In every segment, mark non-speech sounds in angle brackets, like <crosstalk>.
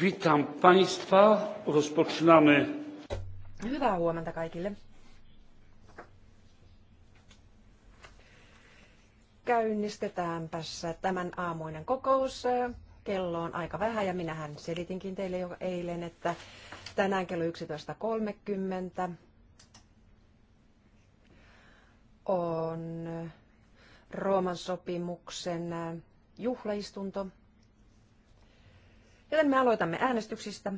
Witam Państwa. Rozpoczynamy. Hyvää huomenta kaikille. Käynnistetäänpäs tämän aamuinen kokous. Kello on aika vähän ja minähän selitinkin teille jo eilen, että tänään kello 11.30 on Rooman sopimuksen juhlaistunto – Joten me aloitamme äänestyksistä.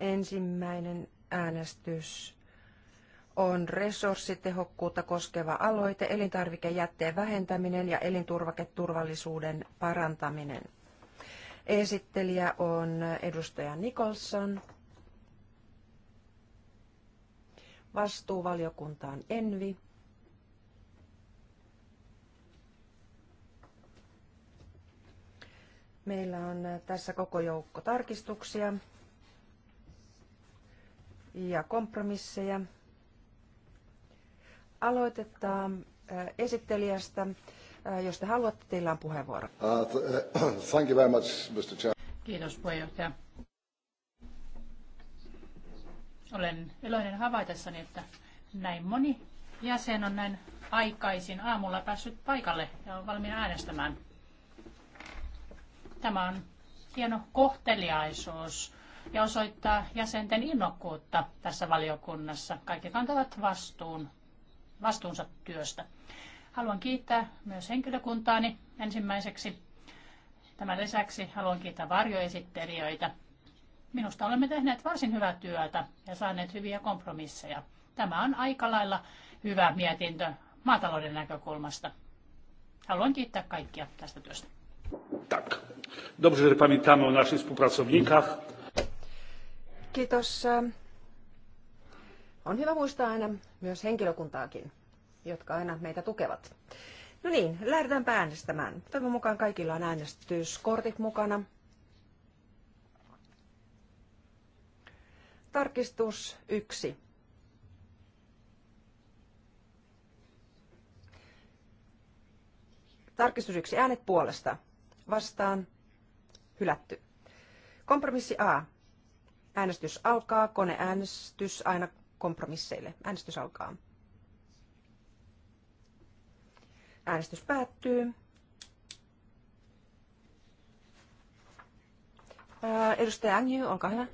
Ensimmäinen äänestys on resurssitehokkuutta koskeva aloite, elintarvikejätteen vähentäminen ja elinturvaketurvallisuuden parantaminen. Esittelijä on edustaja Nicholson. Vastuuvaliokunta on Envi. Meillä on tässä koko joukko tarkistuksia ja kompromisseja. Aloitetaan esittelijästä. Jos te haluatte, teillä on puheenvuoro. Uh, <clears throat> thank you very much, Mr. Chair. Kiitos puheenjohtaja. Olen iloinen havaitessani, että näin moni jäsen on näin aikaisin aamulla päässyt paikalle ja on valmiina äänestämään. Tämä on hieno kohteliaisuus ja osoittaa jäsenten innokkuutta tässä valiokunnassa. Kaikki kantavat vastuun, vastuunsa työstä. Haluan kiittää myös henkilökuntaani ensimmäiseksi. Tämän lisäksi haluan kiittää varjoesittelijöitä. Minusta olemme tehneet varsin hyvää työtä ja saaneet hyviä kompromisseja. Tämä on aika lailla hyvä mietintö maatalouden näkökulmasta. Haluan kiittää kaikkia tästä työstä. Dobrze, że pamiętamy o naszych współpracownikach. Kiitos. On hyvä muistaa aina myös henkilökuntaakin, jotka aina meitä tukevat. No niin, lähdetään äänestämään. Toivon mukaan kaikilla on äänestyskortit mukana. Tarkistus yksi. Tarkistus yksi Äänet puolesta vastaan hylätty. Kompromissi A. Äänestys alkaa. Koneäänestys aina kompromisseille. Äänestys alkaa. Äänestys päättyy. Edustaja Agnew, olkaa hyvä.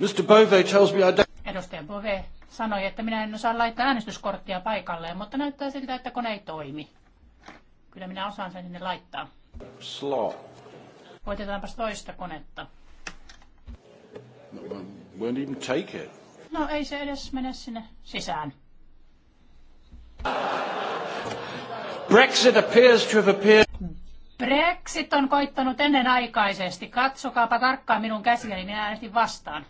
Mr. Bove tells me I don't... Edustaja Bove sanoi, että minä en osaa laittaa äänestyskorttia paikalleen, mutta näyttää siltä, että kone ei toimi. Kyllä minä osaan sen sinne laittaa. Slow. Voitetaanpas toista konetta. No, won't even take it. No ei se edes mene sinne sisään. Brexit appears to have appeared. Brexit on koittanut aikaisesti. Katsokaapa tarkkaan minun käsiäni, minä äänestin vastaan.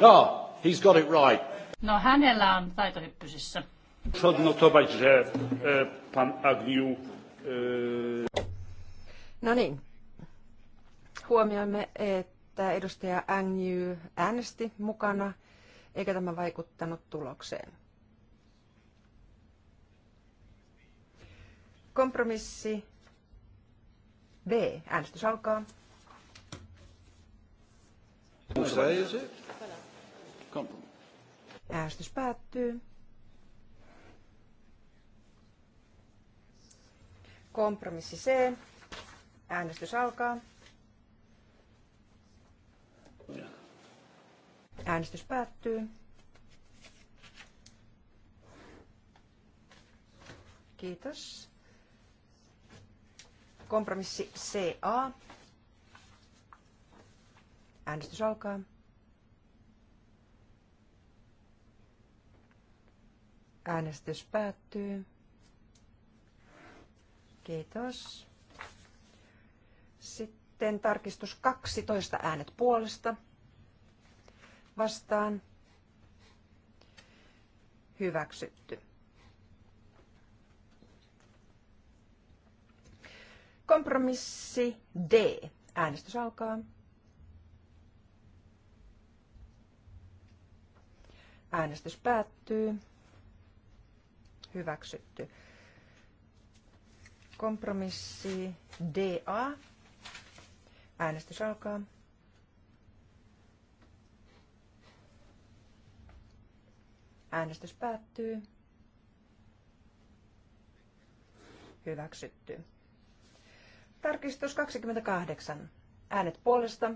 No, he's got it right. No hänellä on taitohyppysissä. Muszę odnotować, że e, pan Agniu... E, no niin. Huomioimme, että edustaja Agnew äänesti mukana, eikä tämä vaikuttanut tulokseen. Kompromissi B. Äänestys alkaa. Äänestys päättyy. Kompromissi C. Äänestys alkaa. Äänestys päättyy. Kiitos. Kompromissi CA. Äänestys alkaa. Äänestys päättyy. Kiitos. Sitten tarkistus 12 äänet puolesta. Vastaan. Hyväksytty. Kompromissi D. Äänestys alkaa. Äänestys päättyy. Hyväksytty. Kompromissi DA. Äänestys alkaa. Äänestys päättyy. Hyväksytty. Tarkistus 28. Äänet puolesta.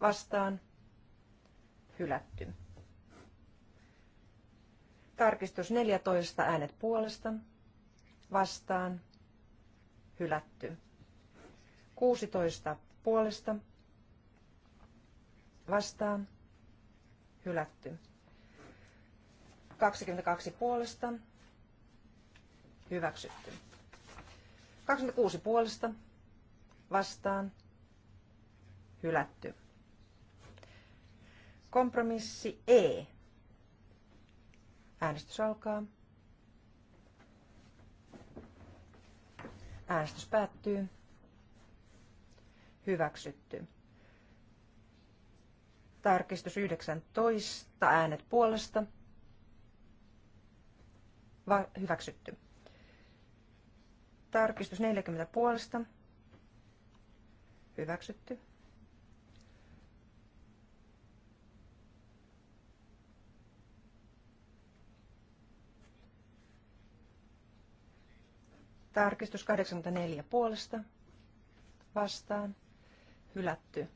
Vastaan. Hylätty. Tarkistus 14. Äänet puolesta vastaan, hylätty. 16 puolesta vastaan, hylätty. 22 puolesta, hyväksytty. 26 puolesta, vastaan, hylätty. Kompromissi E. Äänestys alkaa. Äänestys päättyy. Hyväksytty. Tarkistus 19. Äänet puolesta. Va- hyväksytty. Tarkistus 40 puolesta. Hyväksytty. Tarkistus 84 puolesta vastaan hylätty.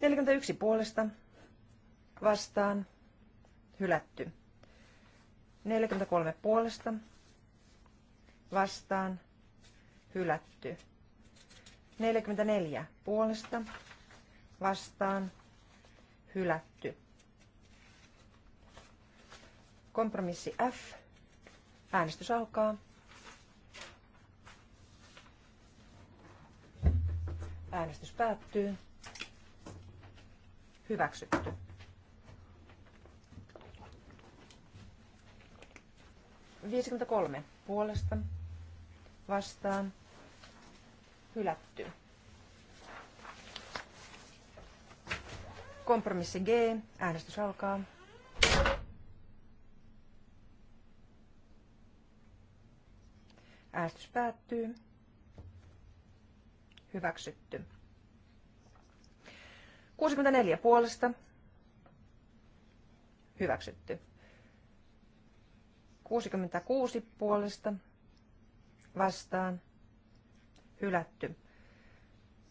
41 puolesta vastaan hylätty. 43 puolesta vastaan hylätty. 44 puolesta vastaan hylätty. Kompromissi F. Äänestys alkaa. Äänestys päättyy. Hyväksytty. Viisikymmentäkolme puolesta vastaan hylätty. Kompromissi G. Äänestys alkaa. Äänestys päättyy hyväksytty. 64 puolesta hyväksytty. 66 puolesta vastaan hylätty.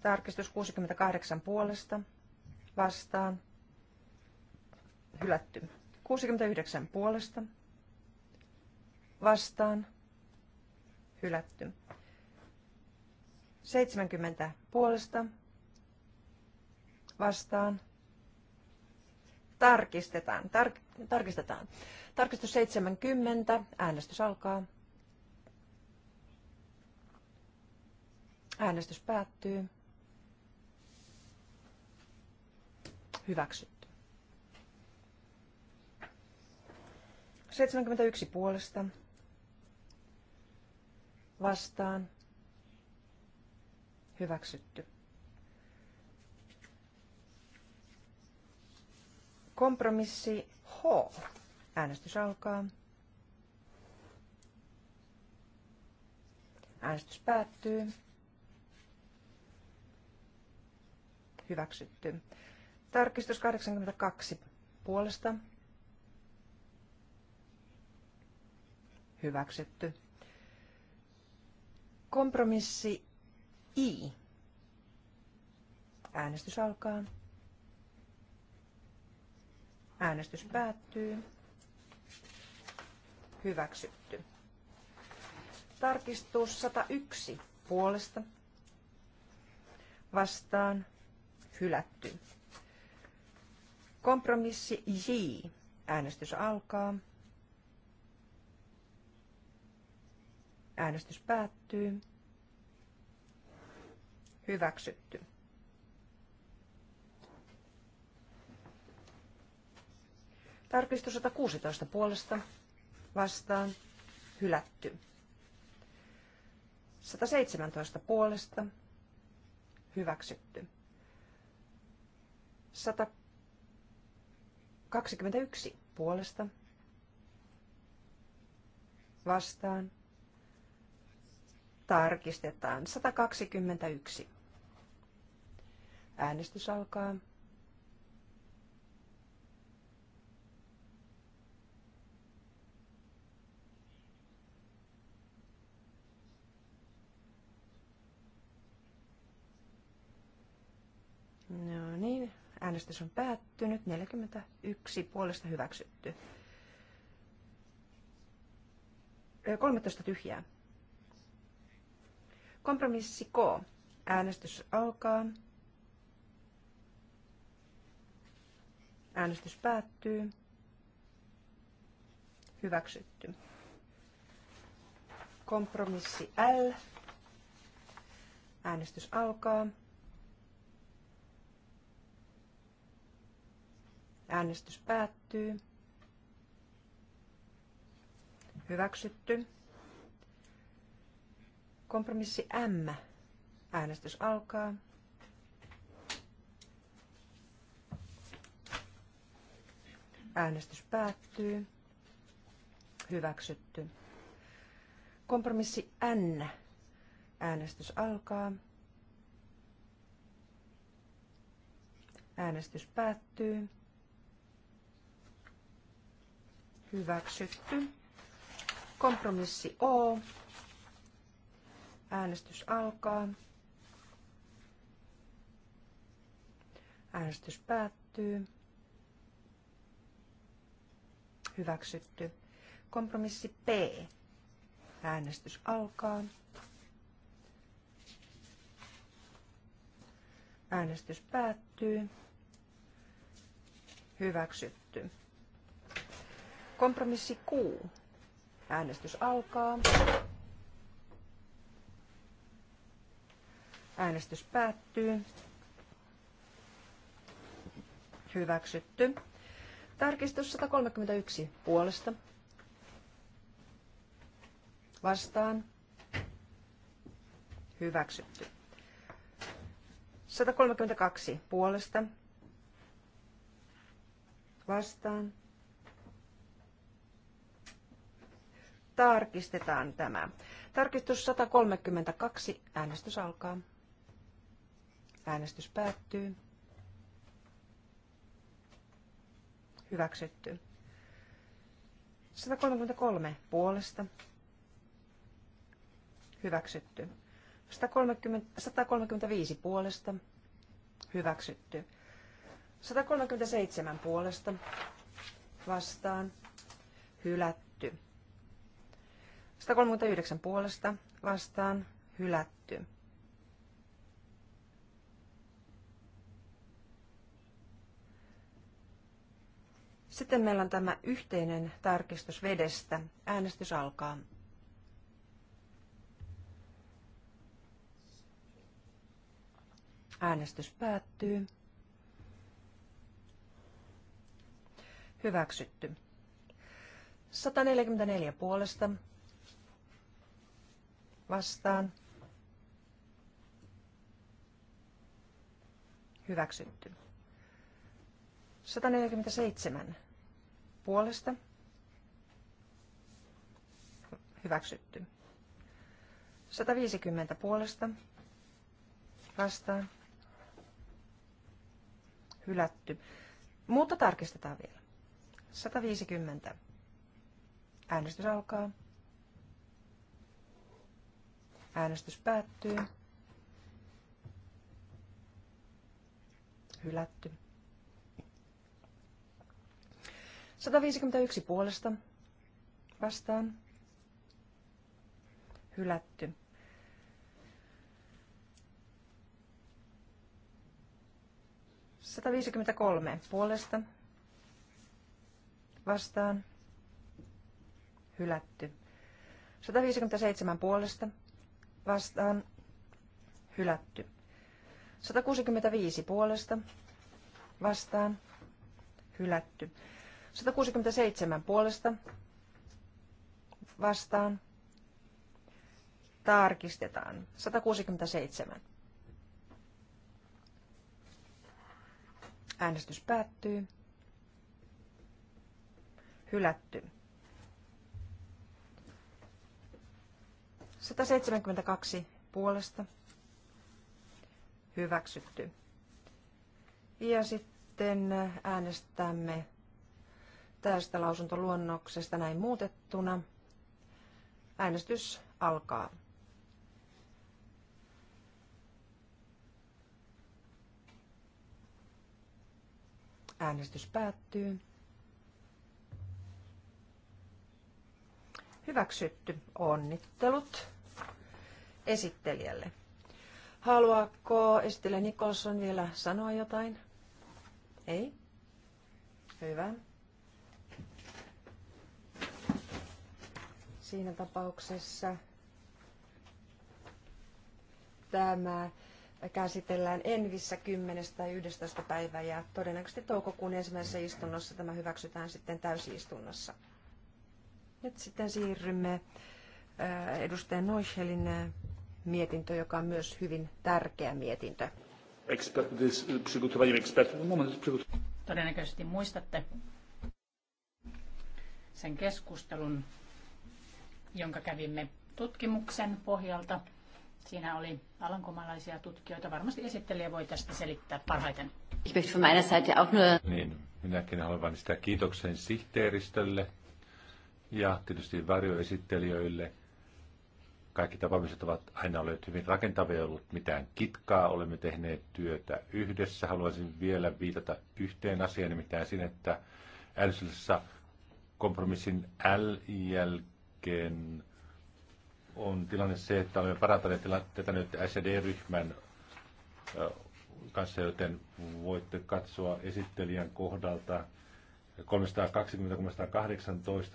Tarkistus 68 puolesta vastaan hylätty. 69 puolesta vastaan hylätty. 70 puolesta vastaan. Tarkistetaan. Tar- tarkistetaan. Tarkistus 70. Äänestys alkaa. Äänestys päättyy. Hyväksytty. 71 puolesta. Vastaan. Hyväksytty. Kompromissi H. Äänestys alkaa. Äänestys päättyy. Hyväksytty. Tarkistus 82 puolesta. Hyväksytty. Kompromissi I. Äänestys alkaa. Äänestys päättyy. Hyväksytty. Tarkistus 101 puolesta. Vastaan. Hylätty. Kompromissi J. Äänestys alkaa. Äänestys päättyy hyväksytty. Tarkistus 116 puolesta vastaan hylätty. 117 puolesta hyväksytty. 121 puolesta vastaan tarkistetaan 121. Äänestys alkaa. No niin, äänestys on päättynyt. 41 puolesta hyväksytty. 13 tyhjää. Kompromissi K. Äänestys alkaa. Äänestys päättyy. Hyväksytty. Kompromissi L. Äänestys alkaa. Äänestys päättyy. Hyväksytty. Kompromissi M. Äänestys alkaa. Äänestys päättyy. Hyväksytty. Kompromissi N. Äänestys alkaa. Äänestys päättyy. Hyväksytty. Kompromissi O. Äänestys alkaa. Äänestys päättyy. Hyväksytty. Kompromissi P. Äänestys alkaa. Äänestys päättyy. Hyväksytty. Kompromissi Q. Äänestys alkaa. Äänestys päättyy. Hyväksytty. Tarkistus 131 puolesta. Vastaan. Hyväksytty. 132 puolesta. Vastaan. Tarkistetaan tämä. Tarkistus 132. Äänestys alkaa. Äänestys päättyy. hyväksytty. 133 puolesta hyväksytty. 130, 135 puolesta hyväksytty. 137 puolesta vastaan hylätty. 139 puolesta vastaan hylätty. Sitten meillä on tämä yhteinen tarkistus vedestä. Äänestys alkaa. Äänestys päättyy. Hyväksytty. 144 puolesta. Vastaan. Hyväksytty. 147 puolesta. Hyväksytty. 150 puolesta. Vastaan. Hylätty. Mutta tarkistetaan vielä. 150. Äänestys alkaa. Äänestys päättyy. Hylätty. 151 puolesta vastaan. Hylätty. kolme puolesta vastaan hylätty. 157 puolesta vastaan hylätty. 165 puolesta vastaan hylätty. 167 puolesta vastaan. Tarkistetaan. 167. Äänestys päättyy. Hylätty. 172 puolesta. Hyväksytty. Ja sitten äänestämme tästä lausuntoluonnoksesta näin muutettuna. Äänestys alkaa. Äänestys päättyy. Hyväksytty. Onnittelut esittelijälle. Haluaako esittelijä Nikolson vielä sanoa jotain? Ei? Hyvä. siinä tapauksessa tämä käsitellään Envissä 10. tai 11. päivä ja todennäköisesti toukokuun ensimmäisessä istunnossa tämä hyväksytään sitten täysistunnossa. Nyt sitten siirrymme äh, edustaja Noichelin äh, mietintö, joka on myös hyvin tärkeä mietintö. Uh, no, todennäköisesti muistatte sen keskustelun, jonka kävimme tutkimuksen pohjalta. Siinä oli alankomalaisia tutkijoita. Varmasti esittelijä voi tästä selittää parhaiten. Niin, minäkin haluan sitä kiitoksen sihteeristölle ja tietysti varjoesittelijöille. Kaikki tapaamiset ovat aina olleet hyvin rakentavia, ei ollut mitään kitkaa, olemme tehneet työtä yhdessä. Haluaisin vielä viitata yhteen asiaan, nimittäin siinä, että äänestyksessä kompromissin L jälkeen jälkeen on tilanne se, että olemme parantaneet tätä nyt SED-ryhmän kanssa, joten voitte katsoa esittelijän kohdalta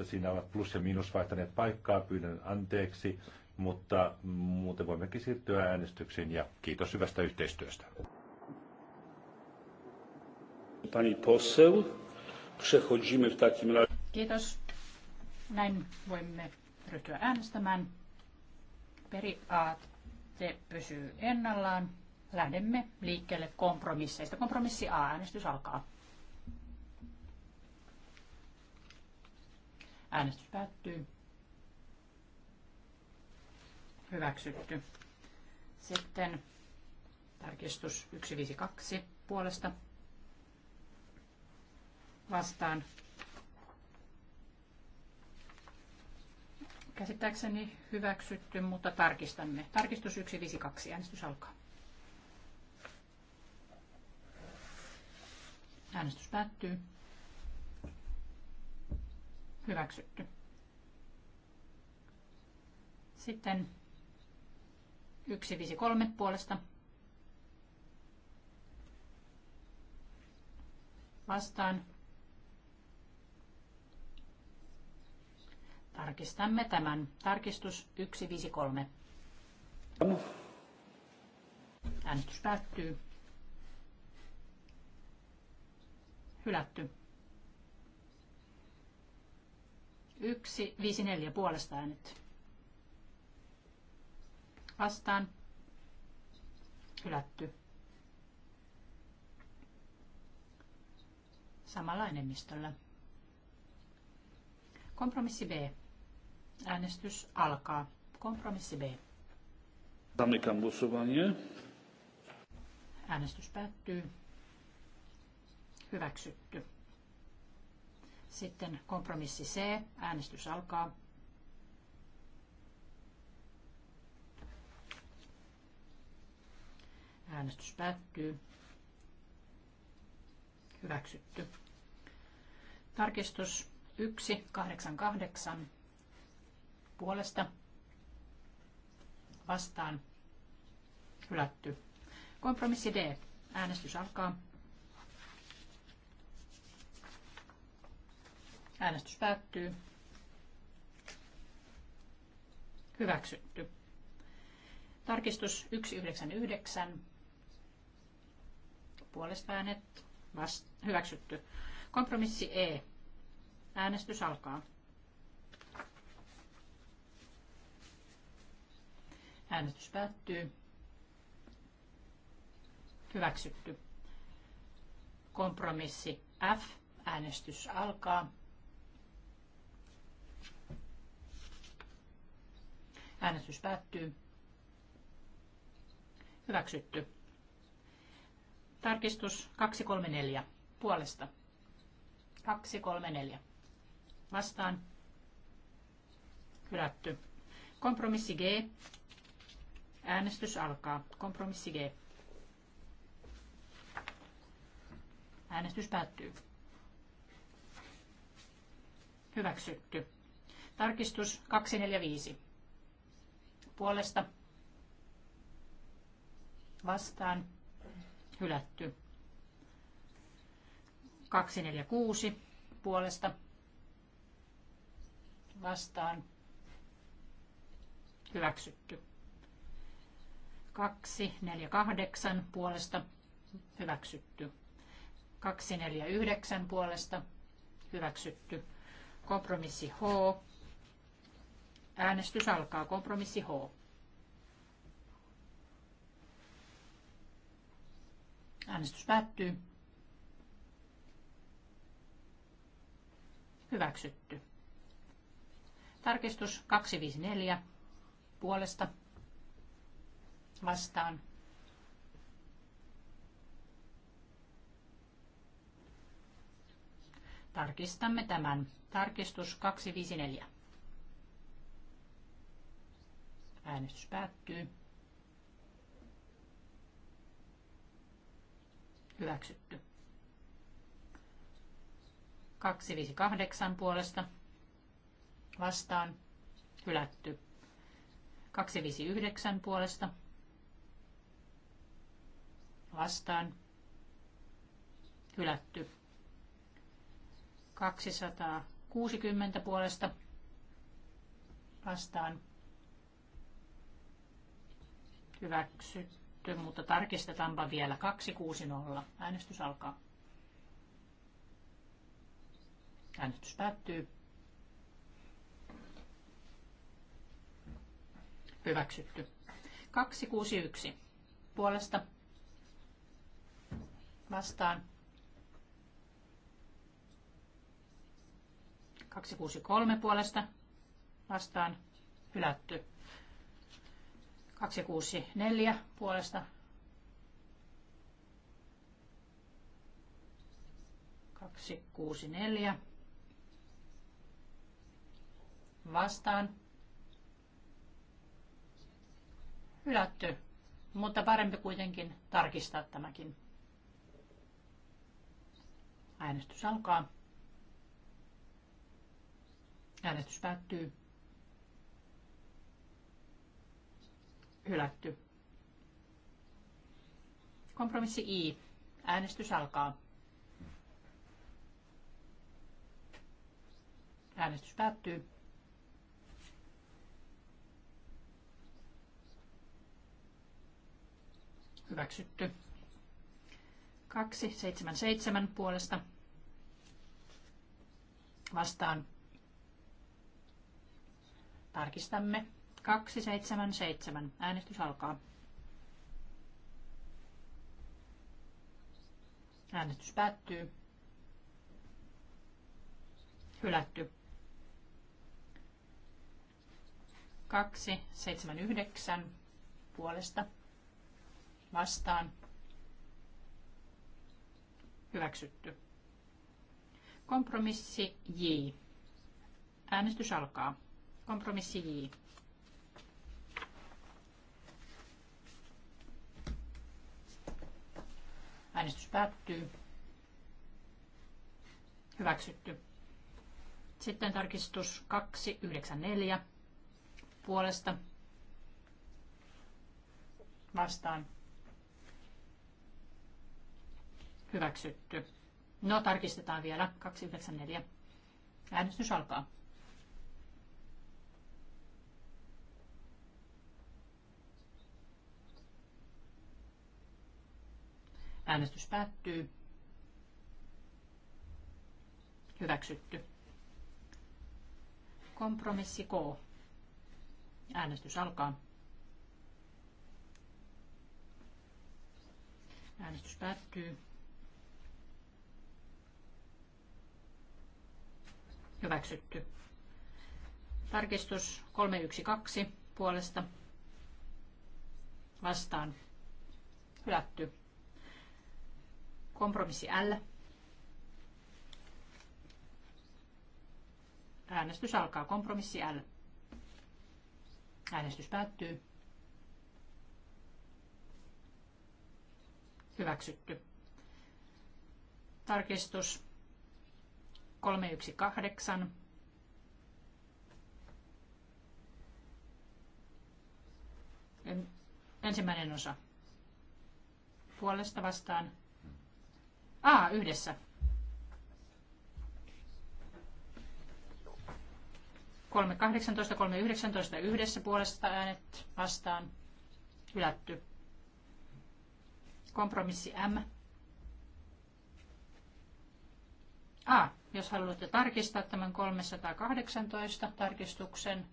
320-318. Siinä ovat plus ja miinus vaihtaneet paikkaa, pyydän anteeksi, mutta muuten voimmekin siirtyä äänestyksiin ja kiitos hyvästä yhteistyöstä. Pani poseł, przechodzimy w takim razie. Kiitos. Näin voimme ryhtyä äänestämään. Periaate pysyy ennallaan. Lähdemme liikkeelle kompromisseista. Kompromissi A. Äänestys alkaa. Äänestys päättyy. Hyväksytty. Sitten tarkistus 152 puolesta vastaan Käsittääkseni hyväksytty, mutta tarkistamme. Tarkistus 152. Äänestys alkaa. Äänestys päättyy. Hyväksytty. Sitten 153 puolesta. Vastaan Tarkistamme tämän. Tarkistus 153. Äänestys päättyy. Hylätty. 154 puolesta äänet. Vastaan. Hylätty. Samalla enemmistöllä. Kompromissi B Äänestys alkaa. Kompromissi B. Zamykam głosowanie. Äänestys päättyy. Hyväksytty. Sitten kompromissi C. Äänestys alkaa. Äänestys päättyy. Hyväksytty. Tarkistus 188 puolesta vastaan hylätty. Kompromissi D. Äänestys alkaa. Äänestys päättyy. Hyväksytty. Tarkistus 199. Puolesta äänet. Vast- hyväksytty. Kompromissi E. Äänestys alkaa. Äänestys päättyy. Hyväksytty. Kompromissi F. Äänestys alkaa. Äänestys päättyy. Hyväksytty. Tarkistus 234 puolesta. 234 vastaan. Hylätty. Kompromissi G. Äänestys alkaa. Kompromissi G. Äänestys päättyy. Hyväksytty. Tarkistus 245. Puolesta. Vastaan. Hylätty. 246 puolesta vastaan hyväksytty. 248 puolesta hyväksytty. 249 puolesta hyväksytty. Kompromissi H. Äänestys alkaa. Kompromissi H. Äänestys päättyy. Hyväksytty. Tarkistus 254 puolesta vastaan. Tarkistamme tämän. Tarkistus 254. Äänestys päättyy. Hyväksytty. 258 puolesta vastaan hylätty. 259 puolesta vastaan hylätty. 260 puolesta vastaan hyväksytty, mutta tarkistetaanpa vielä 260. Äänestys alkaa. Äänestys päättyy. Hyväksytty. 261 puolesta vastaan. 263 puolesta vastaan hylätty. 264 puolesta 264 vastaan hylätty, mutta parempi kuitenkin tarkistaa tämäkin. Äänestys alkaa. Äänestys päättyy. Hylätty. Kompromissi I. Äänestys alkaa. Äänestys päättyy. Hyväksytty. 277 puolesta vastaan. Tarkistamme. 277. Äänestys alkaa. Äänestys päättyy. Hylätty. 279 puolesta vastaan Hyväksytty. Kompromissi J. Äänestys alkaa. Kompromissi J. Äänestys päättyy. Hyväksytty. Sitten tarkistus 294 puolesta vastaan Hyväksytty. No, tarkistetaan vielä. 294. Äänestys alkaa. Äänestys päättyy. Hyväksytty. Kompromissi K. Äänestys alkaa. Äänestys päättyy. Hyväksytty. Tarkistus 312 puolesta. Vastaan. Hylätty. Kompromissi L. Äänestys alkaa. Kompromissi L. Äänestys päättyy. Hyväksytty. Tarkistus 318. Ensimmäinen osa. Puolesta vastaan. A yhdessä. Kolme 319 kolme yhdessä puolesta äänet vastaan. Hylätty. Kompromissi M. A. Jos haluatte tarkistaa tämän 318 tarkistuksen,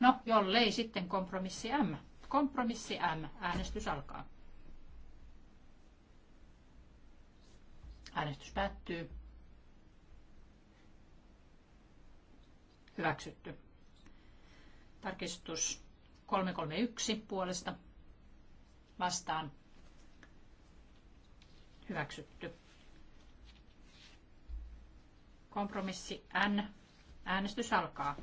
no jollei sitten kompromissi M. Kompromissi M. Äänestys alkaa. Äänestys päättyy. Hyväksytty. Tarkistus 331 puolesta vastaan. Hyväksytty. Kompromissi N. Äänestys alkaa.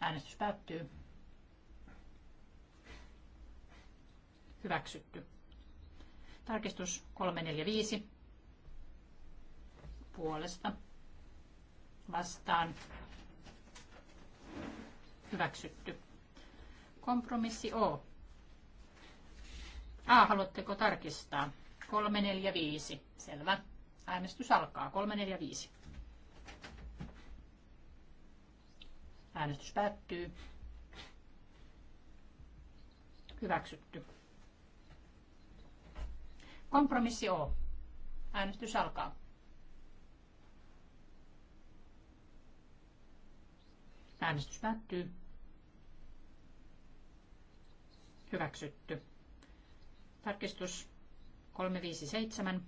Äänestys päättyy. Hyväksytty. Tarkistus 345. Puolesta. Vastaan. Hyväksytty. Kompromissi O. A, haluatteko tarkistaa? 345. Selvä. Äänestys alkaa. 345. Äänestys päättyy. Hyväksytty. Kompromissi O. Äänestys alkaa. Äänestys päättyy. Hyväksytty. Tarkistus 357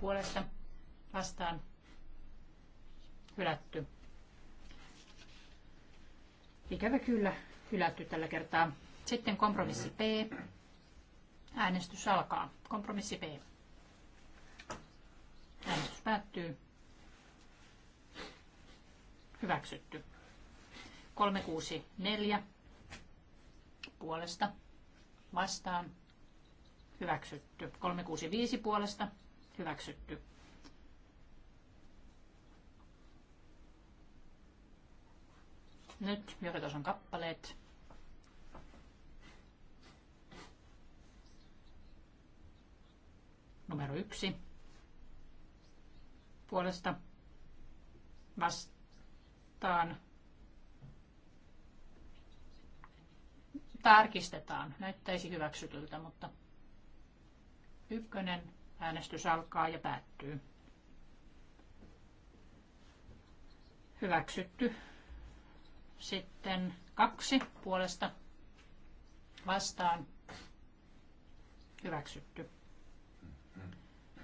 puolesta vastaan hylätty. Ikävä kyllä hylätty tällä kertaa. Sitten kompromissi B Äänestys alkaa. Kompromissi B Äänestys päättyy. Hyväksytty. 364 puolesta vastaan hyväksytty. 365 puolesta hyväksytty. Nyt johdatus on kappaleet. Numero yksi puolesta vastaan tarkistetaan. Näyttäisi hyväksytyltä, mutta ykkönen äänestys alkaa ja päättyy. Hyväksytty. Sitten kaksi puolesta vastaan. Hyväksytty.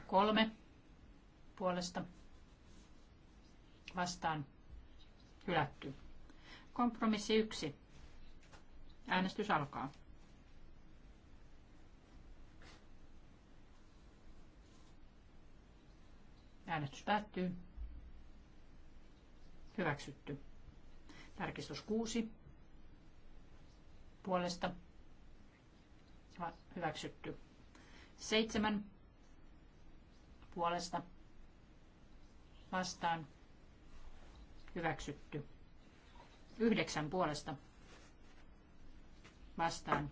Kolme puolesta vastaan. Hylätty. Kompromissi yksi Äänestys alkaa. Äänestys päättyy. Hyväksytty. Tarkistus 6. Puolesta. Hyväksytty. 7. Puolesta. Vastaan. Hyväksytty. 9. Puolesta vastaan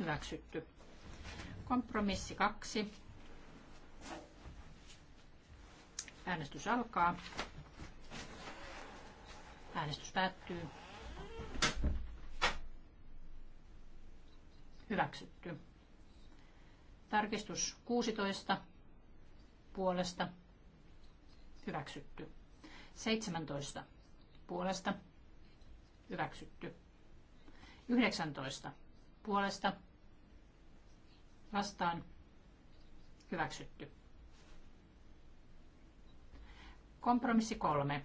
hyväksytty. Kompromissi kaksi Äänestys alkaa. Äänestys päättyy. Hyväksytty. Tarkistus 16 puolesta. Hyväksytty. 17 puolesta. Hyväksytty. 19 puolesta vastaan hyväksytty. Kompromissi 3.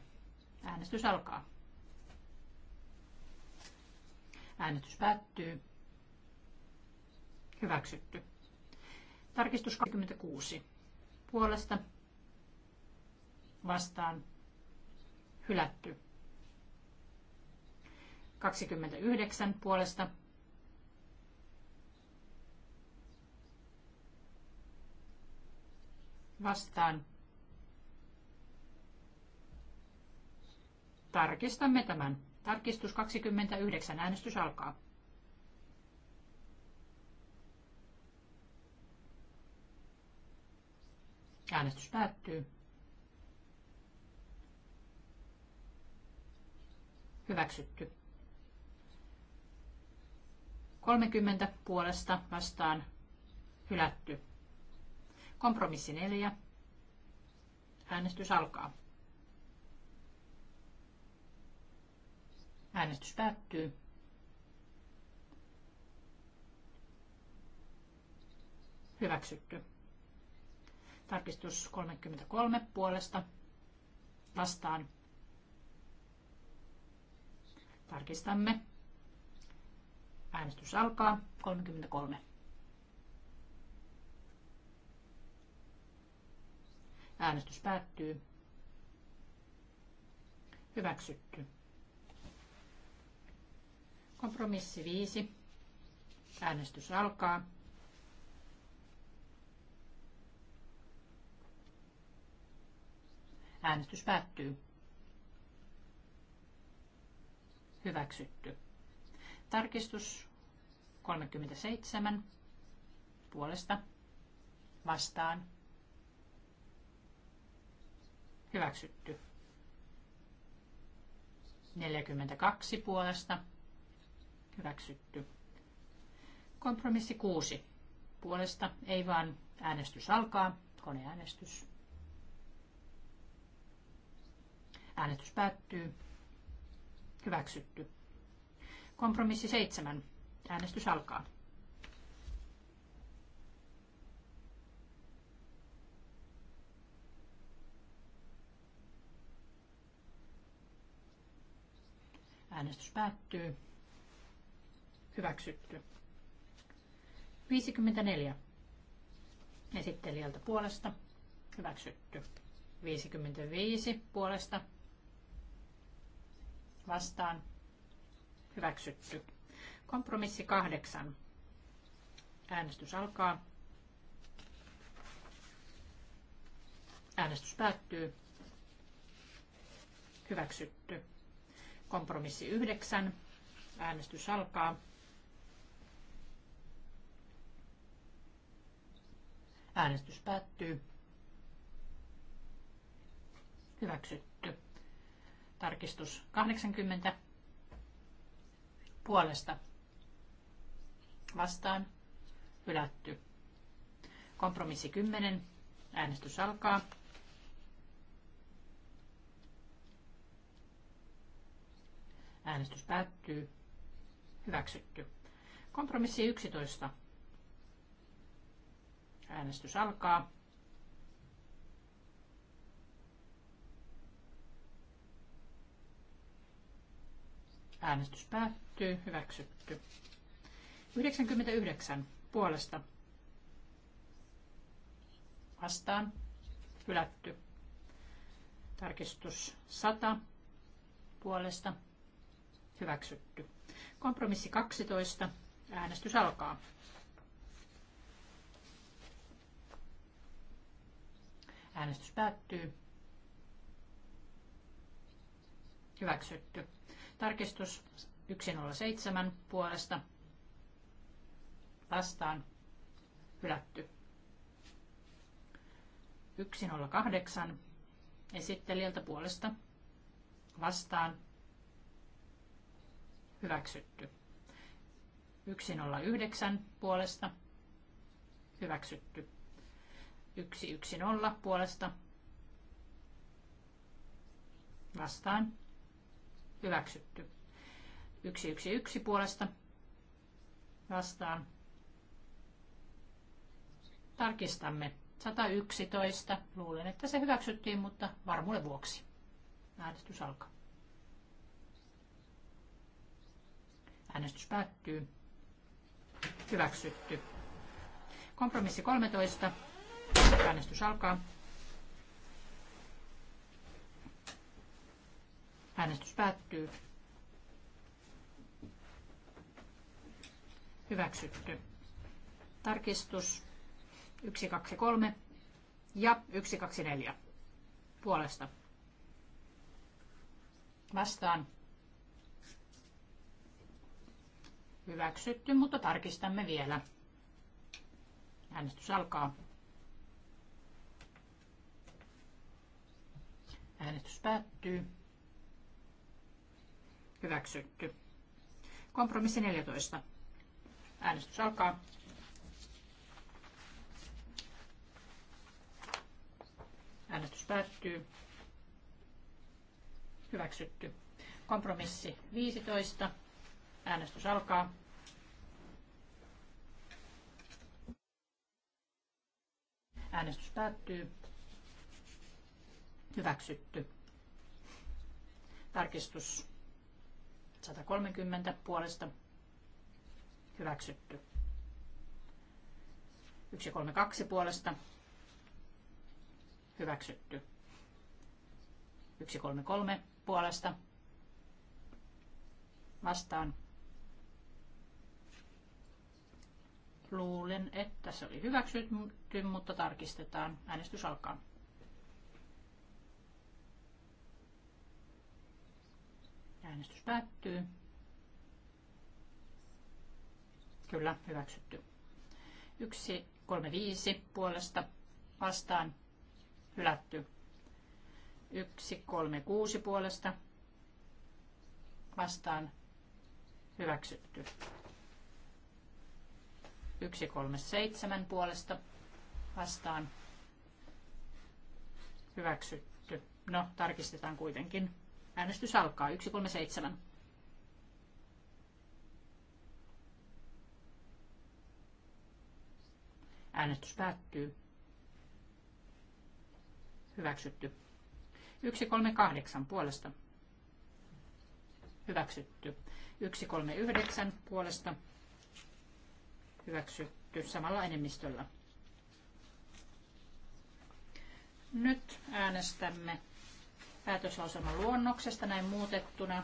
Äänestys alkaa. Äänestys päättyy. Hyväksytty. Tarkistus 26. Puolesta vastaan hylätty. 29 puolesta. Vastaan. Tarkistamme tämän. Tarkistus 29. Äänestys alkaa. Äänestys päättyy. Hyväksytty. 30 puolesta vastaan hylätty. Kompromissi 4. Äänestys alkaa. Äänestys päättyy. Hyväksytty. Tarkistus 33 puolesta vastaan. Tarkistamme. Äänestys alkaa. 33. Äänestys päättyy. Hyväksytty. Kompromissi 5. Äänestys alkaa. Äänestys päättyy. Hyväksytty. Tarkistus 37 puolesta vastaan. Hyväksytty. 42 puolesta. Hyväksytty. Kompromissi 6 puolesta. Ei vaan äänestys alkaa. Koneäänestys. Äänestys päättyy. Hyväksytty. Kompromissi seitsemän. Äänestys alkaa. Äänestys päättyy. Hyväksytty. 54. Esittelijältä puolesta. Hyväksytty. 55 puolesta. Vastaan. Hyväksytty. Kompromissi kahdeksan. Äänestys alkaa. Äänestys päättyy. Hyväksytty. Kompromissi yhdeksän. Äänestys alkaa. Äänestys päättyy. Hyväksytty. Tarkistus 80 puolesta vastaan hylätty. Kompromissi 10. Äänestys alkaa. Äänestys päättyy. Hyväksytty. Kompromissi 11. Äänestys alkaa. Äänestys päättyy Tyhjentyy. Hyväksytty. 99 puolesta. Vastaan. Hylätty. Tarkistus 100 puolesta. Hyväksytty. Kompromissi 12. Äänestys alkaa. Äänestys päättyy. Hyväksytty. Tarkistus 107 puolesta vastaan hylätty. 108 esittelijältä puolesta vastaan hyväksytty. 109 puolesta hyväksytty. 110 puolesta vastaan hyväksytty. 111 puolesta vastaan. Tarkistamme. 111. Luulen, että se hyväksyttiin, mutta varmuuden vuoksi. Äänestys alkaa. Äänestys päättyy. Hyväksytty. Kompromissi 13. Äänestys alkaa. Äänestys päättyy. Hyväksytty. Tarkistus 123 ja 124 puolesta. Vastaan. Hyväksytty, mutta tarkistamme vielä. Äänestys alkaa. Äänestys päättyy. Hyväksytty. Kompromissi 14. Äänestys alkaa. Äänestys päättyy. Hyväksytty. Kompromissi 15. Äänestys alkaa. Äänestys päättyy. Hyväksytty. Tarkistus 130 puolesta Hyväksytty. 132 puolesta. Hyväksytty. 133 puolesta. Vastaan. Luulen, että se oli hyväksytty, mutta tarkistetaan. Äänestys alkaa. Äänestys päättyy. Kyllä, hyväksytty. 1, 3, 5 puolesta vastaan hylätty. 1, 3, 6 puolesta vastaan hyväksytty. 1, 3, 7 puolesta vastaan hyväksytty. No, tarkistetaan kuitenkin. Äänestys alkaa. 1, 3, 7. Äänestys päättyy. Hyväksytty. 138 puolesta. Hyväksytty. 139 puolesta. Hyväksytty samalla enemmistöllä. Nyt äänestämme päätöslauselman luonnoksesta näin muutettuna.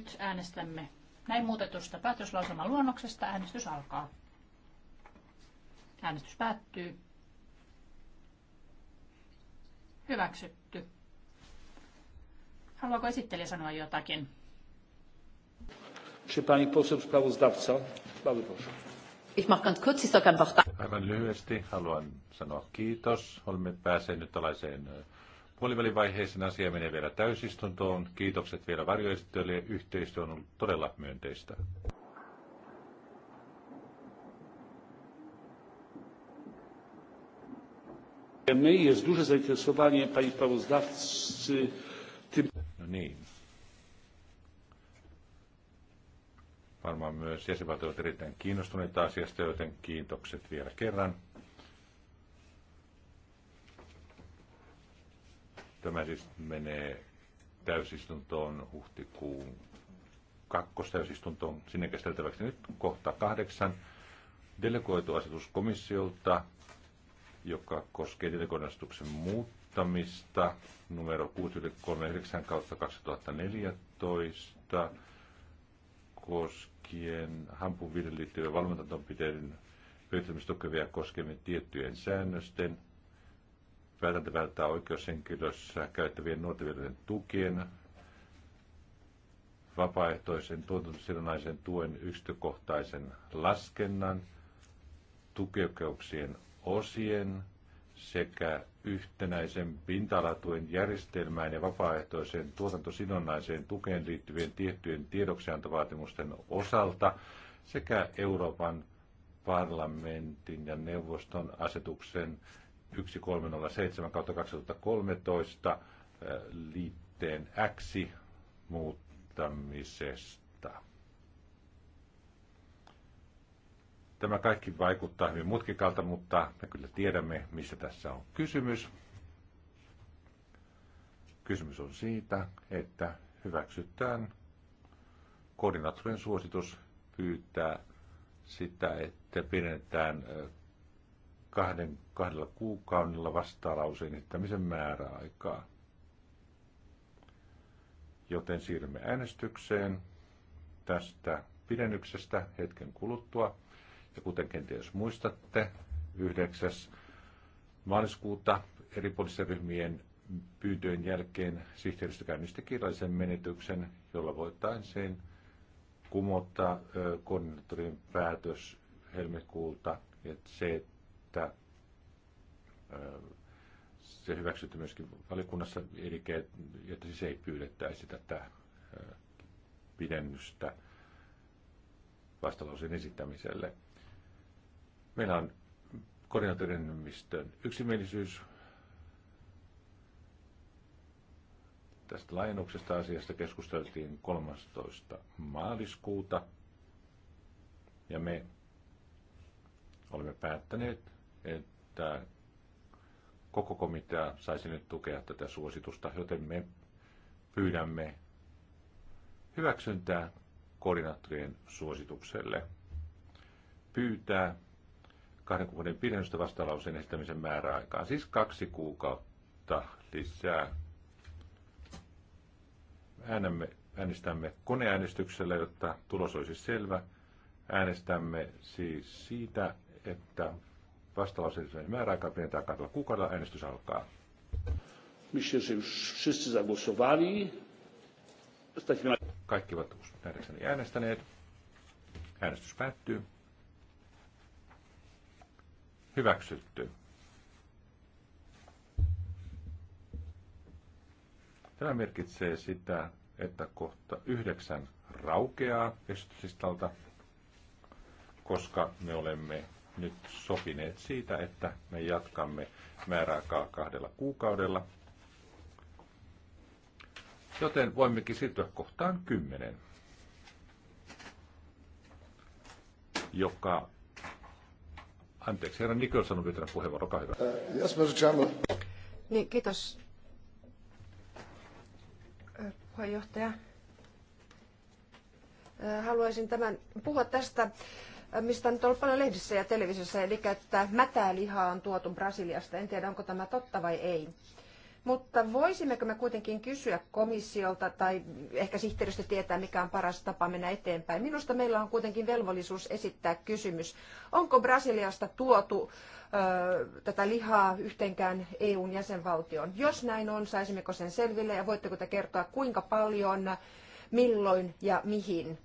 Nyt äänestämme näin muutetusta päätöslauselman luonnoksesta. Äänestys alkaa. Äänestys päättyy. Hyväksytty. Haluaako esittelijä sanoa jotakin? Czy pani poseł sprawozdawca? Bardzo proszę. Ich ganz kurz, ich einfach Aivan lyhyesti haluan sanoa kiitos. Olemme päässeet nyt tällaiseen Puolivälivaiheisen asia menee vielä täysistuntoon. Kiitokset vielä varjoistyölle. Yhteistyö on ollut todella myönteistä. Jest duże zainteresowanie pani sprawozdawcy tym. No niin. Varmaan myös jäsenvaltiot erittäin kiinnostuneita asiasta, joten kiitokset vielä kerran. Tämä siis menee täysistuntoon huhtikuun kakkostäysistuntoon sinne käsiteltäväksi. Nyt kohta kahdeksan delegoitu asetus komissiolta, joka koskee delegoidastuksen muuttamista numero 639 kautta 2014 koskien hampuviljelijöiden valvontatoimenpiteiden hyödyntämistukevia koskevien tiettyjen säännösten – vältäntä välttää oikeushenkilössä käyttävien nuorten tukien, vapaaehtoisen tuotantosidonnaisen tuen yksityökohtaisen laskennan, tukioikeuksien osien sekä yhtenäisen pinta-alatuen järjestelmään ja vapaaehtoisen tuotantosidonnaiseen tukeen liittyvien tiettyjen tiedoksiantovaatimusten osalta sekä Euroopan parlamentin ja neuvoston asetuksen 1307 kautta 2013 eh, liitteen X muuttamisesta. Tämä kaikki vaikuttaa hyvin mutkikalta, mutta me kyllä tiedämme, missä tässä on kysymys. Kysymys on siitä, että hyväksytään koordinaattorin suositus pyytää sitä, että pidetään eh, kahden, kahdella kuukaudella vastalauseen esittämisen määräaikaa. Joten siirrymme äänestykseen tästä pidennyksestä hetken kuluttua. Ja kuten kenties muistatte, 9. maaliskuuta eri poliisiryhmien pyyntöjen jälkeen sihteeristö käynnisti kirjallisen menetyksen, jolla voitaisiin kumota koordinaattorin päätös helmikuulta, että se, että että se hyväksytty myöskin valiokunnassa, eli että siis ei pyydettäisi tätä pidennystä vastalauseen esittämiselle. Meillä on koordinaattorin yksimielisyys Tästä laajennuksesta asiasta keskusteltiin 13. maaliskuuta ja me olemme päättäneet että koko komitea saisi nyt tukea tätä suositusta, joten me pyydämme hyväksyntää koordinaattorien suositukselle. Pyytää kahden kuukauden pidennystä vastalauseen esittämisen määräaikaan, siis kaksi kuukautta lisää. Äänämme, äänestämme koneäänestyksellä, jotta tulos olisi selvä. Äänestämme siis siitä, että Vastalause ensimmäinen määräaika pidetään kahdella kuukaudella. Äänestys alkaa. Myślę, że już wszyscy zagłosowali. Kaikki ovat nähdäkseni äänestäneet. Äänestys päättyy. Hyväksytty. Tämä merkitsee sitä, että kohta yhdeksän raukeaa esityslistalta, koska me olemme nyt sopineet siitä, että me jatkamme määräaikaa kahdella kuukaudella. Joten voimmekin siirtyä kohtaan 10, joka... Anteeksi, herra Nicholson on pyytänyt puheenvuoron, olkaa hyvä. Uh, niin, kiitos puheenjohtaja. Haluaisin tämän puhua tästä mistä on ollut paljon lehdissä ja televisiossa, eli että mätää lihaa on tuotu Brasiliasta. En tiedä, onko tämä totta vai ei. Mutta voisimmeko me kuitenkin kysyä komissiolta tai ehkä sihteeristö tietää, mikä on paras tapa mennä eteenpäin. Minusta meillä on kuitenkin velvollisuus esittää kysymys, onko Brasiliasta tuotu ö, tätä lihaa yhteenkään EUn jäsenvaltioon. Jos näin on, saisimmeko sen selville ja voitteko te kertoa, kuinka paljon, milloin ja mihin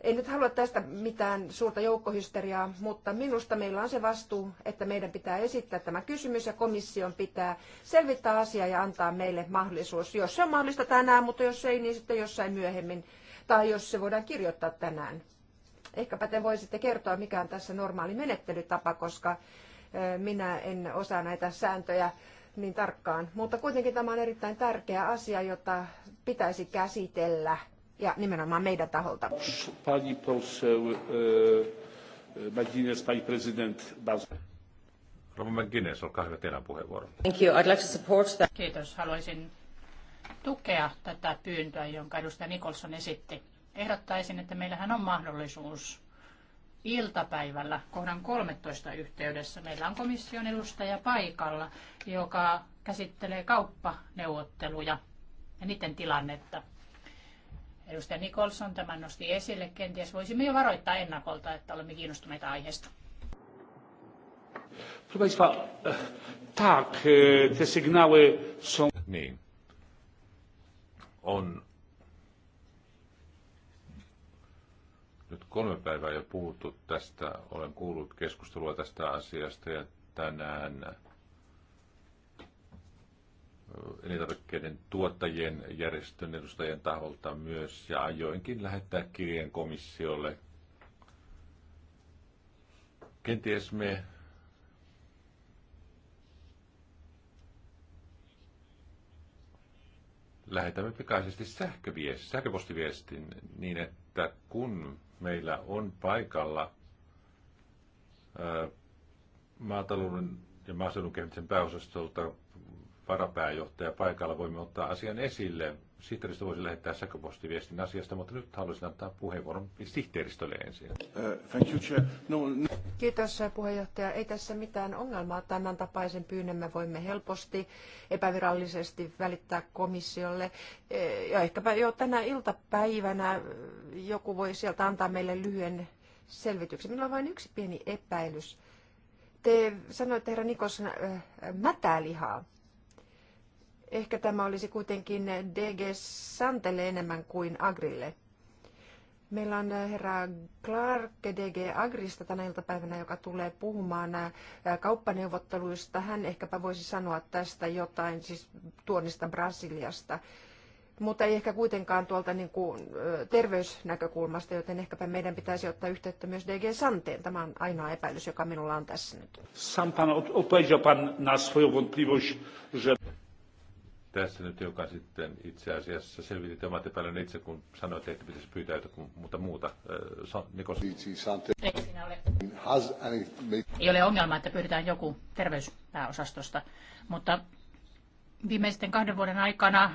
en nyt halua tästä mitään suurta joukkohysteriaa, mutta minusta meillä on se vastuu, että meidän pitää esittää tämä kysymys ja komission pitää selvittää asia ja antaa meille mahdollisuus. Jos se on mahdollista tänään, mutta jos ei, niin sitten jossain myöhemmin. Tai jos se voidaan kirjoittaa tänään. Ehkäpä te voisitte kertoa, mikä on tässä normaali menettelytapa, koska minä en osaa näitä sääntöjä niin tarkkaan. Mutta kuitenkin tämä on erittäin tärkeä asia, jota pitäisi käsitellä ja nimenomaan meidän taholta. Pani poseł e, e, McGuinness, pani president McGuinness, olkaa hyvä, teidän puheenvuoro. Thank you. I'd like to support that. Kiitos. Haluaisin tukea tätä pyyntöä, jonka edustaja Nikolson esitti. Ehdottaisin, että meillähän on mahdollisuus iltapäivällä kohdan 13 yhteydessä. Meillä on komission edustaja paikalla, joka käsittelee kauppaneuvotteluja ja niiden tilannetta. Edustaja Nikolson tämän nosti esille. Kenties voisimme jo varoittaa ennakolta, että olemme kiinnostuneita aiheesta. tak, e, te Niin. On nyt kolme päivää jo puhuttu tästä. Olen kuullut keskustelua tästä asiasta ja tänään elintarvikkeiden tuottajien järjestön edustajien taholta myös ja ajoinkin lähettää kirjeen komissiolle. Kenties me lähetämme pikaisesti sähköviesti, sähköpostiviestin niin, että kun meillä on paikalla ää, maatalouden ja maaseudun kehittämisen pääosastolta varapääjohtaja paikalla, voimme ottaa asian esille. Sihteeristö voisi lähettää sähköpostiviestin asiasta, mutta nyt haluaisin antaa puheenvuoron sihteeristölle ensin. Uh, thank you, chair. No, no. Kiitos äh, puheenjohtaja. Ei tässä mitään ongelmaa. Tämän tapaisen pyynnön me voimme helposti epävirallisesti välittää komissiolle. Eh, ja ehkäpä jo tänä iltapäivänä äh, joku voi sieltä antaa meille lyhyen selvityksen. Minulla on vain yksi pieni epäilys. Te sanoitte herra Nikos äh, mätälihaa. Ehkä tämä olisi kuitenkin DG Santelle enemmän kuin Agrille. Meillä on äh, herra Clark DG Agrista tänä iltapäivänä, joka tulee puhumaan äh, kauppaneuvotteluista. Hän ehkäpä voisi sanoa tästä jotain, siis tuonnista Brasiliasta, mutta ei ehkä kuitenkaan tuolta niin kuin, äh, terveysnäkökulmasta, joten ehkäpä meidän pitäisi ottaa yhteyttä myös DG Santeen. Tämä on ainoa epäilys, joka minulla on tässä nyt. Sam pan odpowiedział pan na swoją wątpliwość, że tässä nyt joka sitten itse asiassa selvitit omat epäilyn itse, kun sanoit, että pitäisi pyytää jotakin muuta muuta. Nikos. Ei, siinä ole. Ei ole ongelma, että pyydetään joku terveyspääosastosta, mutta viimeisten kahden vuoden aikana äh,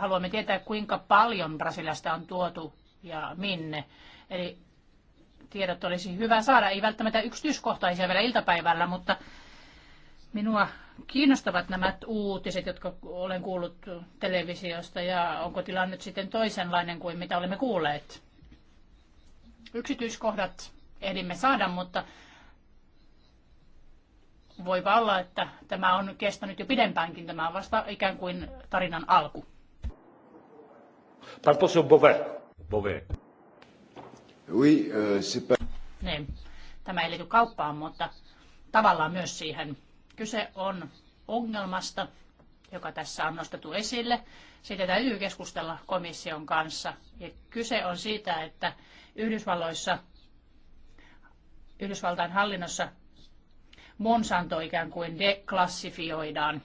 haluamme tietää, kuinka paljon Brasiliasta on tuotu ja minne. Eli tiedot olisi hyvä saada, ei välttämättä yksityiskohtaisia vielä iltapäivällä, mutta Minua kiinnostavat nämä uutiset, jotka olen kuullut televisiosta ja onko tilanne nyt sitten toisenlainen kuin mitä olemme kuulleet. Yksityiskohdat ehdimme saada, mutta voi olla, että tämä on kestänyt jo pidempäänkin. Tämä on vasta ikään kuin tarinan alku. Pan Bové. Bové. Oui, euh, c'est pas... Niin. Tämä ei liity kauppaan, mutta tavallaan myös siihen Kyse on ongelmasta, joka tässä on nostettu esille. Siitä täytyy keskustella komission kanssa. Ja kyse on siitä, että Yhdysvalloissa, Yhdysvaltain hallinnossa Monsanto ikään kuin deklassifioidaan.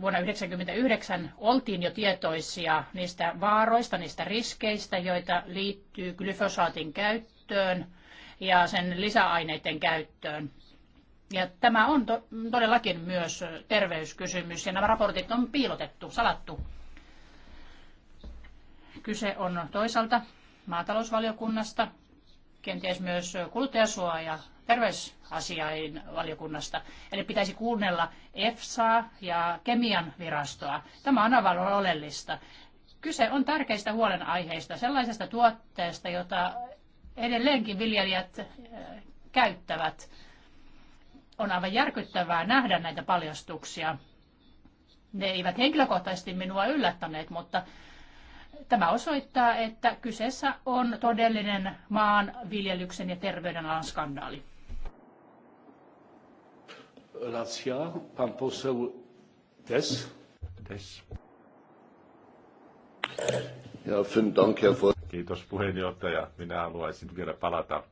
Vuonna 1999 oltiin jo tietoisia niistä vaaroista, niistä riskeistä, joita liittyy glyfosaatin käyttöön ja sen lisäaineiden käyttöön. Ja tämä on to- todellakin myös terveyskysymys ja nämä raportit on piilotettu, salattu. Kyse on toisaalta maatalousvaliokunnasta, kenties myös kuluttajasuoja terveysasiain valiokunnasta. Eli pitäisi kuunnella EFSA ja kemian virastoa. Tämä on aivan oleellista. Kyse on tärkeistä huolenaiheista, sellaisesta tuotteesta, jota edelleenkin viljelijät käyttävät on aivan järkyttävää nähdä näitä paljastuksia. Ne eivät henkilökohtaisesti minua yllättäneet, mutta tämä osoittaa, että kyseessä on todellinen maan viljelyksen ja terveydenalan skandaali. Racja. Pan poseł Des. Des. Ja, Kiitos puheenjohtaja. Minä haluaisin vielä palata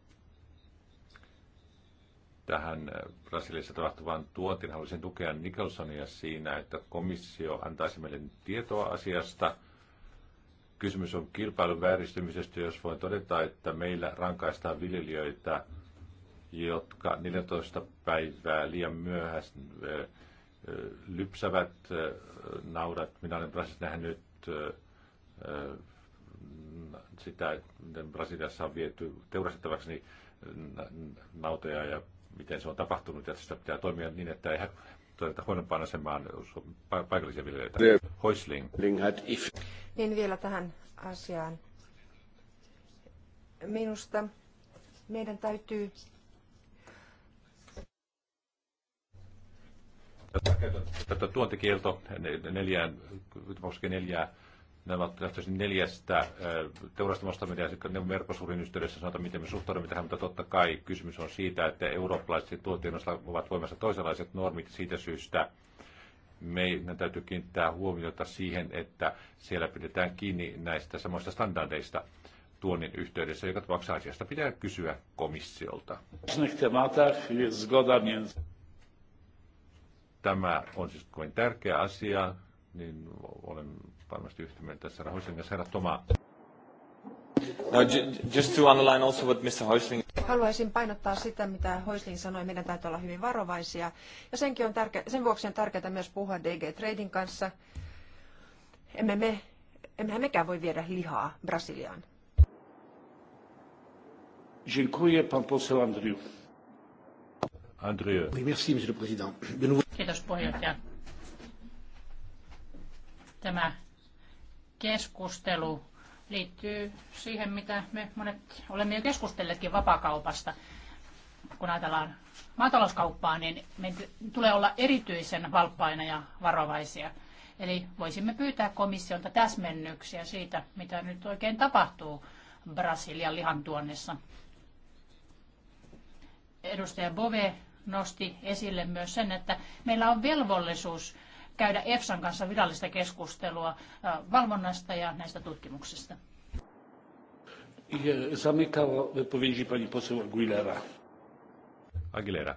tähän äh, Brasiliassa tapahtuvaan tuontiin. Haluaisin tukea Nicholsonia siinä, että komissio antaisi meille tietoa asiasta. Kysymys on kilpailun vääristymisestä, jos voin todeta, että meillä rankaistaan viljelijöitä, jotka 14 päivää liian myöhässä lypsävät naudat. Minä olen Brasiliassa nähnyt sitä, että Brasiliassa on viety teurastettavaksi nauteja niin, nautoja ja miten se on tapahtunut ja sitä pitää toimia niin, että ei tuota huonompaan asemaan paikallisia viljelijöitä. Hoisling. Niin vielä tähän asiaan. Minusta meidän täytyy Tätä tuontikielto neljään, neljään ne ovat lähtöisin neljästä äh, teurastamasta, mitä Mercosurin yhteydessä sanotaan, miten me suhtaudumme tähän, mutta totta kai kysymys on siitä, että eurooppalaiset tuotiennosta ovat voimassa toisenlaiset normit siitä syystä, meidän täytyy kiinnittää huomiota siihen, että siellä pidetään kiinni näistä samoista standardeista tuonnin yhteydessä, joka tapauksessa asiasta pitää kysyä komissiolta. Tämä on siis kovin tärkeä asia, niin olen varmasti yhtä mieltä tässä rahoisen kanssa. Herra Toma. No, just to underline also what Mr. Häusling... Haluaisin painottaa sitä, mitä Häusling sanoi. Meidän täytyy olla hyvin varovaisia. Ja senkin on tärke, sen vuoksi on tärkeää myös puhua DG Trading kanssa. Emme me, emmehän mekään voi viedä lihaa Brasiliaan. Dziękuję, pan poseł Andrieu. Andrieu. Oui, merci, monsieur le président. Kiitos puheenjohtaja. Tämä keskustelu liittyy siihen, mitä me monet olemme jo keskustelleetkin vapakaupasta. Kun ajatellaan maatalouskauppaa, niin meidän tulee olla erityisen valppaina ja varovaisia. Eli voisimme pyytää komissiolta täsmennyksiä siitä, mitä nyt oikein tapahtuu Brasilian lihantuonnissa. Edustaja Bove nosti esille myös sen, että meillä on velvollisuus käydä EFSAn kanssa virallista keskustelua valvonnasta ja näistä tutkimuksista. Zamykała wypowiedzi pani poseł Aguilera. Aguilera.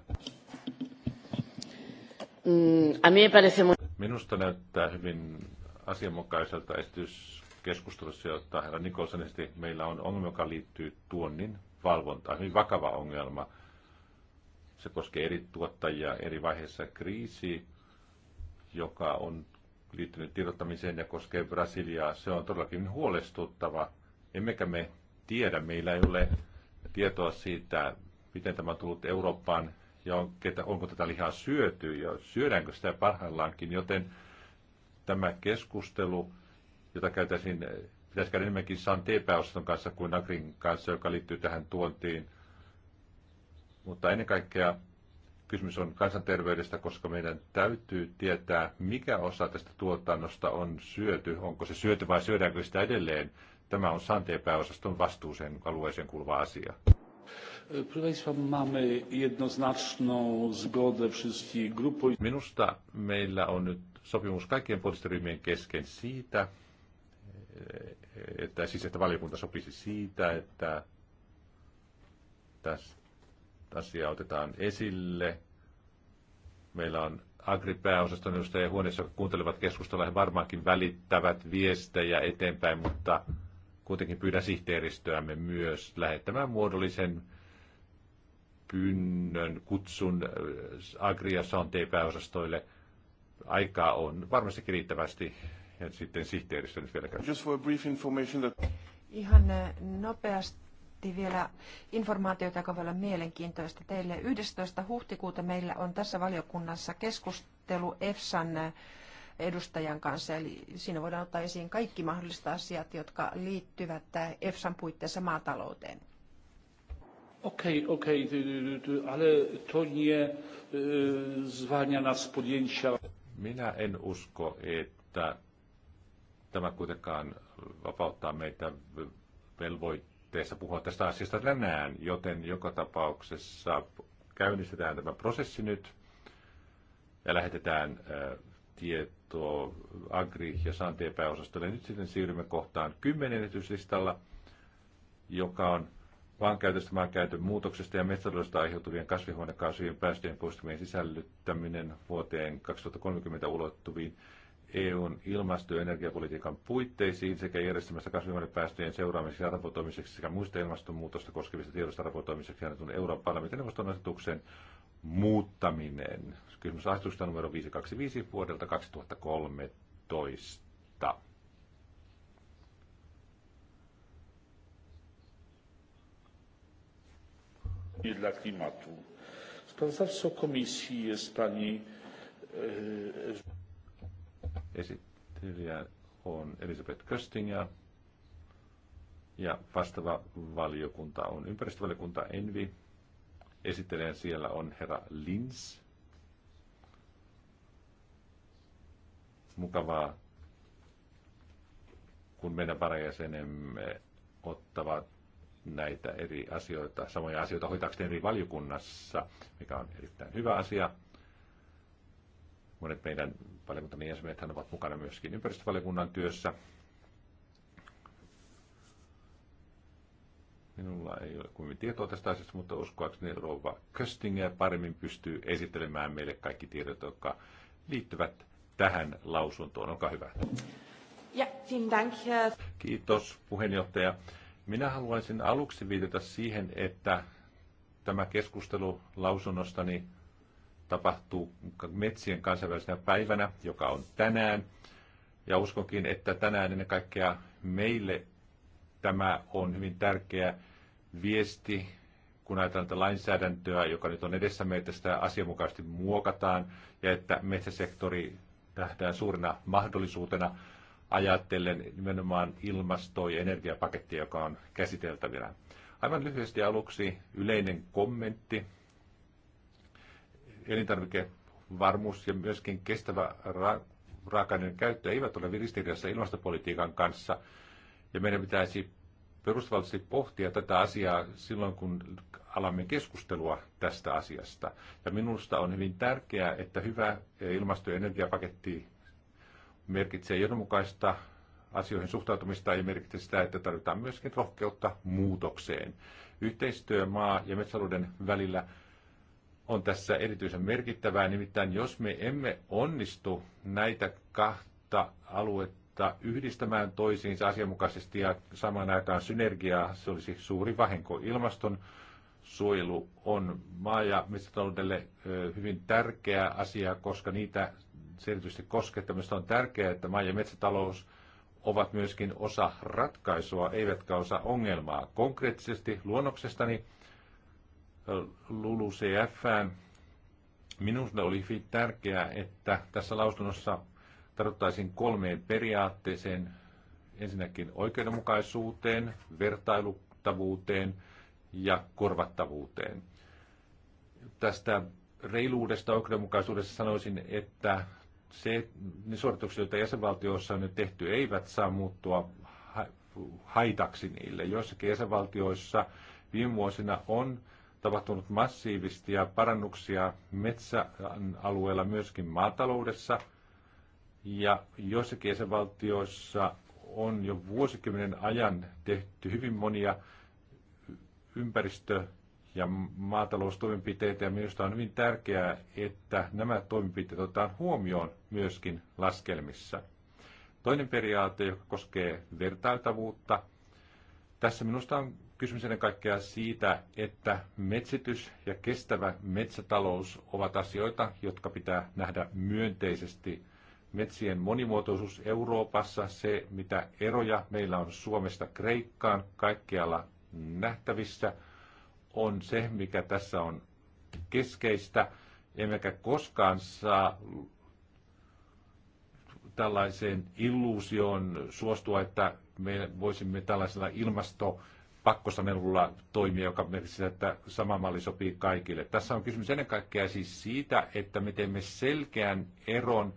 Mm, Minusta näyttää hyvin asianmukaiselta esityskeskustelussa, jotta herra Nikolson esti, Meillä on ongelma, joka liittyy tuonnin valvontaan. Hyvin vakava ongelma. Se koskee eri tuottajia eri vaiheissa kriisiä joka on liittynyt tiedottamiseen ja koskee Brasiliaa, se on todellakin huolestuttava. Emmekä me tiedä, meillä ei ole tietoa siitä, miten tämä on tullut Eurooppaan ja on, ketä, onko tätä lihaa syöty ja syödäänkö sitä parhaillaankin, joten tämä keskustelu, jota käytäisin, pitäisi käydä enemmänkin Santeepäosaston kanssa kuin Agrin kanssa, joka liittyy tähän tuontiin. Mutta ennen kaikkea Kysymys on kansanterveydestä, koska meidän täytyy tietää, mikä osa tästä tuotannosta on syöty. Onko se syöty vai syödäänkö sitä edelleen? Tämä on santeepääosaston vastuuseen alueeseen kuuluva asia. Minusta meillä on nyt sopimus kaikkien poliisiryhmien kesken siitä, että, siis, että valiokunta sopisi siitä, että tästä asiaa otetaan esille. Meillä on Agri-pääosaston edustajia huoneessa, jotka kuuntelevat keskustelua. He varmaankin välittävät viestejä eteenpäin, mutta kuitenkin pyydän sihteeristöämme myös lähettämään muodollisen pynnön kutsun äh, Agri- ja Sante-pääosastoille. Aikaa on varmasti riittävästi. Ja sitten sihteeristö nyt vielä käy. Just for a brief information that... Ihan äh, nopeasti miettii vielä informaatiota, joka voi olla mielenkiintoista teille. 11. huhtikuuta meillä on tässä valiokunnassa keskustelu EFSAn edustajan kanssa, eli siinä voidaan ottaa esiin kaikki mahdolliset asiat, jotka liittyvät EFSAn puitteissa maatalouteen. Okej, okay, okej, okay, ale to nie zwalnia nas podjęcia. Minä en usko, että tämä kuitenkaan vapauttaa meitä velvoit puitteissa puhua tästä asiasta tänään, joten joka tapauksessa käynnistetään tämä prosessi nyt ja lähetetään tietoa Agri- ja Santee-pääosastolle. Nyt sitten siirrymme kohtaan 10 esityslistalla, joka on maankäytöstä, maankäytön muutoksesta ja metsätaloudesta aiheutuvien kasvihuonekaasujen päästöjen poistumien sisällyttäminen vuoteen 2030 ulottuviin EUn ilmasto- ja energiapolitiikan puitteisiin sekä järjestämässä kasvihuonepäästöjen seuraamiseksi ja raportoimiseksi sekä muista ilmastonmuutosta koskevista tiedosta raportoimiseksi annetun Euroopan parlamentin neuvoston asetuksen muuttaminen. Kysymys asetuksesta numero 525 vuodelta 2013. i dla klimatu. Sprawozdawcą komisji jest pani e, Esittelijä on Elisabeth Kösting ja, ja vastaava valiokunta on ympäristövaliokunta Envi. Esittelijän siellä on herra Lins. Mukavaa, kun meidän varajäsenemme ottavat näitä eri asioita, samoja asioita hoitaakseen eri valiokunnassa, mikä on erittäin hyvä asia. Monet meidän valiokuntamme niin jäsenet ovat mukana myöskin ympäristövaliokunnan työssä. Minulla ei ole kuin tietoa tästä asiasta, mutta uskoakseni Rova Köstinger paremmin pystyy esittelemään meille kaikki tiedot, jotka liittyvät tähän lausuntoon. Olkaa hyvä. Ja, dank. Kiitos puheenjohtaja. Minä haluaisin aluksi viitata siihen, että tämä keskustelu lausunnostani niin tapahtuu metsien kansainvälisenä päivänä, joka on tänään. Ja uskonkin, että tänään ennen kaikkea meille tämä on hyvin tärkeä viesti, kun ajatellaan tätä lainsäädäntöä, joka nyt on edessä meitä, sitä asianmukaisesti muokataan, ja että metsäsektori nähdään suurena mahdollisuutena ajatellen nimenomaan ilmasto- ja energiapakettia, joka on käsiteltävillä. Aivan lyhyesti aluksi yleinen kommentti elintarvikevarmuus ja myöskin kestävä ra- raaka käyttö eivät ole ristiriidassa ilmastopolitiikan kanssa. Ja meidän pitäisi perustavallisesti pohtia tätä asiaa silloin, kun alamme keskustelua tästä asiasta. Ja minusta on hyvin tärkeää, että hyvä ilmasto- ja energiapaketti merkitsee johdonmukaista asioihin suhtautumista ja merkitsee sitä, että tarvitaan myöskin rohkeutta muutokseen. Yhteistyö maa- ja metsäluuden välillä on tässä erityisen merkittävää. Nimittäin jos me emme onnistu näitä kahta aluetta yhdistämään toisiinsa asianmukaisesti ja samaan aikaan synergiaa, se olisi suuri vahinko. Ilmaston suojelu on maa- ja metsätaloudelle hyvin tärkeä asia, koska niitä se erityisesti koskettaa. on tärkeää, että maa- ja metsätalous ovat myöskin osa ratkaisua, eivätkä osa ongelmaa. Konkreettisesti luonnoksestani LULUCFään. Minusta oli hyvin tärkeää, että tässä lausunnossa tarvittaisiin kolmeen periaatteeseen. Ensinnäkin oikeudenmukaisuuteen, vertailuttavuuteen ja korvattavuuteen. Tästä reiluudesta oikeudenmukaisuudesta sanoisin, että se, ne suoritukset, joita jäsenvaltioissa on nyt tehty, eivät saa muuttua haitaksi niille. Joissakin jäsenvaltioissa viime vuosina on tapahtunut massiivisia parannuksia metsäalueella myöskin maataloudessa. Ja joissakin jäsenvaltioissa on jo vuosikymmenen ajan tehty hyvin monia ympäristö- ja maataloustoimenpiteitä, ja minusta on hyvin tärkeää, että nämä toimenpiteet otetaan huomioon myöskin laskelmissa. Toinen periaate, joka koskee vertailtavuutta. Tässä minusta on kysymys ennen kaikkea siitä, että metsitys ja kestävä metsätalous ovat asioita, jotka pitää nähdä myönteisesti. Metsien monimuotoisuus Euroopassa, se mitä eroja meillä on Suomesta Kreikkaan kaikkialla nähtävissä, on se, mikä tässä on keskeistä. Emmekä koskaan saa tällaiseen illuusioon suostua, että me voisimme tällaisella ilmasto pakkosanelulla toimia, joka merkitsee, että sama malli sopii kaikille. Tässä on kysymys ennen kaikkea siis siitä, että me teemme selkeän eron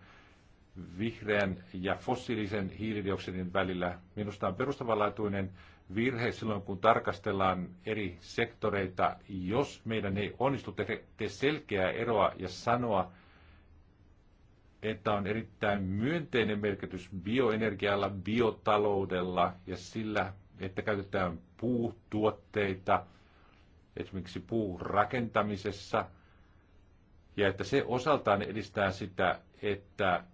vihreän ja fossiilisen hiilidioksidin välillä. Minusta on perustavanlaatuinen virhe silloin, kun tarkastellaan eri sektoreita, jos meidän ei onnistu tehdä selkeää eroa ja sanoa, että on erittäin myönteinen merkitys bioenergialla, biotaloudella ja sillä, että käytetään puutuotteita, esimerkiksi puurakentamisessa, ja että se osaltaan edistää sitä, että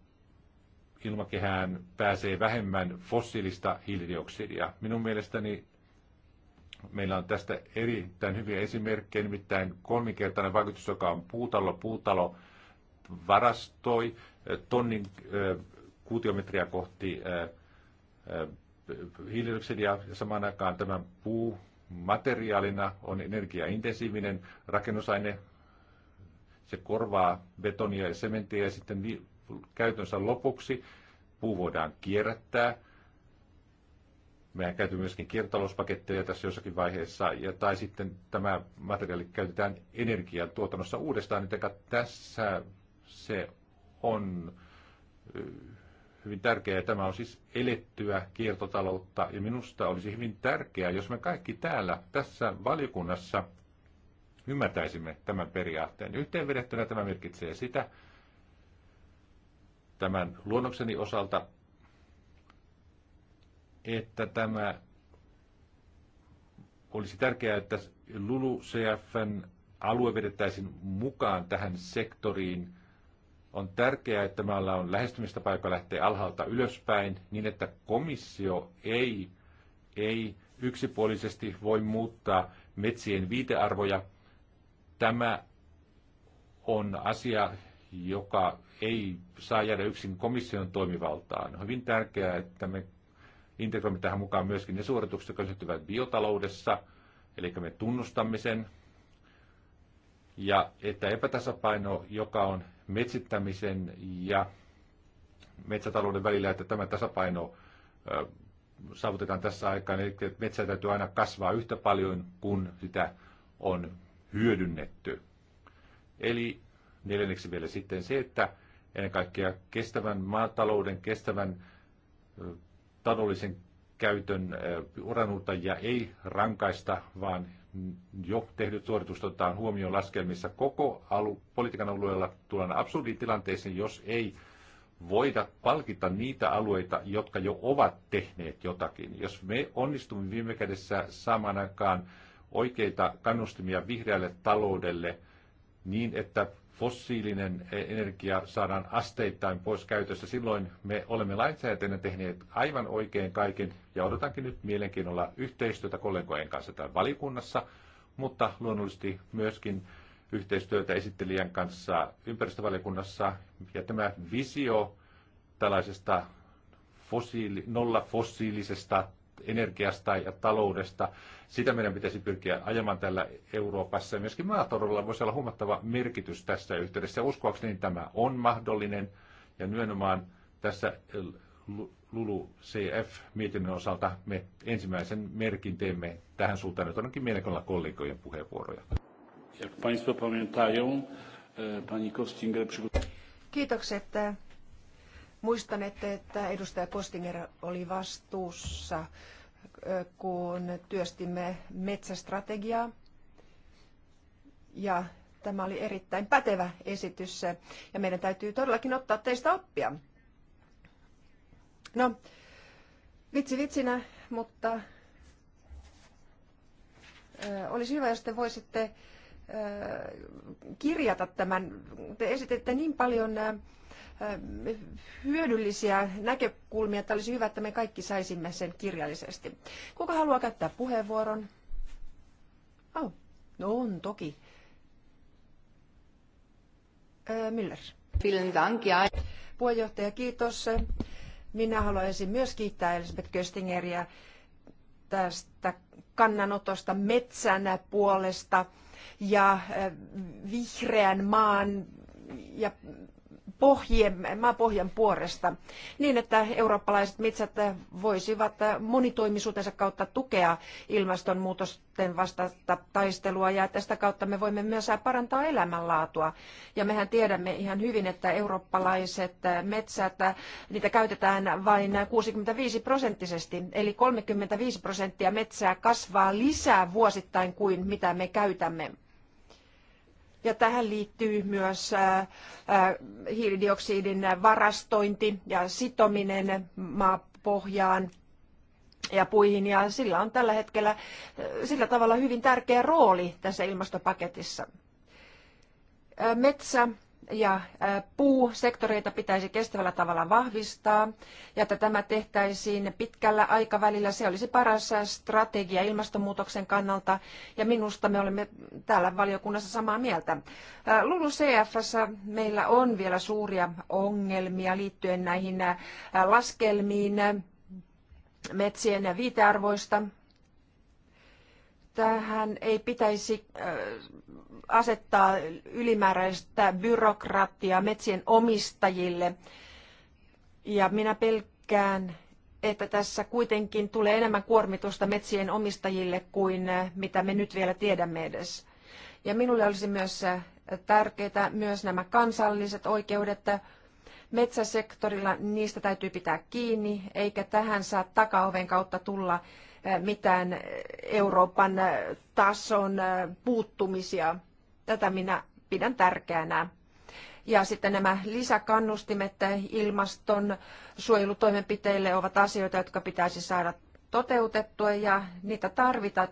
ilmakehään pääsee vähemmän fossiilista hiilidioksidia. Minun mielestäni meillä on tästä erittäin hyviä esimerkkejä, nimittäin kolminkertainen vaikutus, joka on puutalo. Puutalo varastoi tonnin kuutiometriä kohti hiilidioksidin ja samaan aikaan tämän puu materiaalina on energiaintensiivinen rakennusaine. Se korvaa betonia ja sementtiä ja sitten käytönsä lopuksi puu voidaan kierrättää. Meidän käytetään myöskin kiertotalouspaketteja tässä jossakin vaiheessa, ja, tai sitten tämä materiaali käytetään energian tuotannossa uudestaan, joten tässä se on hyvin tärkeää. Tämä on siis elettyä kiertotaloutta ja minusta olisi hyvin tärkeää, jos me kaikki täällä tässä valiokunnassa ymmärtäisimme tämän periaatteen. Yhteenvedettynä tämä merkitsee sitä, tämän luonnokseni osalta, että tämä olisi tärkeää, että LULU-CFn alue vedettäisiin mukaan tähän sektoriin – on tärkeää, että maalla on lähestymistapa, joka lähtee alhaalta ylöspäin, niin että komissio ei, ei yksipuolisesti voi muuttaa metsien viitearvoja. Tämä on asia, joka ei saa jäädä yksin komission toimivaltaan. On hyvin tärkeää, että me integroimme tähän mukaan myöskin ne suoritukset, jotka syntyvät biotaloudessa, eli me tunnustamme sen, ja että epätasapaino, joka on metsittämisen ja metsätalouden välillä, että tämä tasapaino saavutetaan tässä aikaan. Eli metsää täytyy aina kasvaa yhtä paljon kuin sitä on hyödynnetty. Eli neljänneksi vielä sitten se, että ennen kaikkea kestävän maatalouden, kestävän taloudellisen käytön uranuuttajia ja ei rankaista, vaan jo tehdyt suoritukset otetaan huomioon laskelmissa koko alu, politiikan alueella tullaan absurditilanteeseen, jos ei voida palkita niitä alueita, jotka jo ovat tehneet jotakin. Jos me onnistumme viime kädessä saamaan aikaan oikeita kannustimia vihreälle taloudelle niin, että fossiilinen e- energia saadaan asteittain pois käytöstä. Silloin me olemme lainsäätäjänä tehneet aivan oikein kaiken ja odotankin nyt mielenkiinnolla yhteistyötä kollegojen kanssa täällä valikunnassa, mutta luonnollisesti myöskin yhteistyötä esittelijän kanssa ympäristövaliokunnassa. Ja tämä visio tällaisesta fossiili, fossiilisesta energiasta ja taloudesta. Sitä meidän pitäisi pyrkiä ajamaan täällä Euroopassa. Ja myöskin voisi olla huomattava merkitys tässä yhteydessä. Uskoakseni tämä on mahdollinen. Ja nimenomaan tässä Lulu CF-mietinnön osalta me ensimmäisen merkin teemme tähän suuntaan. Nyt onkin mielenkiinnolla kollegojen puheenvuoroja. E, Kiitokset. Muistan, että, että edustaja Kostinger oli vastuussa, kun työstimme metsästrategiaa. Ja tämä oli erittäin pätevä esitys ja meidän täytyy todellakin ottaa teistä oppia. No, vitsi vitsinä, mutta olisi hyvä, jos te voisitte kirjata tämän. Te esititte niin paljon hyödyllisiä näkökulmia, että olisi hyvä, että me kaikki saisimme sen kirjallisesti. Kuka haluaa käyttää puheenvuoron? Oh, no on toki. Müller. Puheenjohtaja, kiitos. Minä haluaisin myös kiittää Elisabeth Köstingeriä tästä kannanotosta metsän puolesta ja vihreän maan ja pohjien, maapohjan puoresta, niin että eurooppalaiset metsät voisivat monitoimisuutensa kautta tukea ilmastonmuutosten vastaista taistelua ja tästä kautta me voimme myös parantaa elämänlaatua. Ja mehän tiedämme ihan hyvin, että eurooppalaiset metsät, niitä käytetään vain 65 prosenttisesti, eli 35 prosenttia metsää kasvaa lisää vuosittain kuin mitä me käytämme. Ja tähän liittyy myös hiilidioksidin varastointi ja sitominen maapohjaan ja puihin. Ja sillä on tällä hetkellä sillä tavalla hyvin tärkeä rooli tässä ilmastopaketissa. Metsä ja puusektoreita pitäisi kestävällä tavalla vahvistaa ja että tämä tehtäisiin pitkällä aikavälillä. Se olisi paras strategia ilmastonmuutoksen kannalta ja minusta me olemme täällä valiokunnassa samaa mieltä. LULUCFssä meillä on vielä suuria ongelmia liittyen näihin laskelmiin metsien viitearvoista tähän ei pitäisi äh, asettaa ylimääräistä byrokratiaa metsien omistajille. Ja minä pelkään, että tässä kuitenkin tulee enemmän kuormitusta metsien omistajille kuin äh, mitä me nyt vielä tiedämme edes. Ja minulle olisi myös äh, tärkeää myös nämä kansalliset oikeudet. Metsäsektorilla niistä täytyy pitää kiinni, eikä tähän saa takaoven kautta tulla Äh, mitään Euroopan äh, tason äh, puuttumisia. Tätä minä pidän tärkeänä. Ja sitten nämä lisäkannustimet ilmaston suojelutoimenpiteille ovat asioita, jotka pitäisi saada toteutettua ja niitä tarvita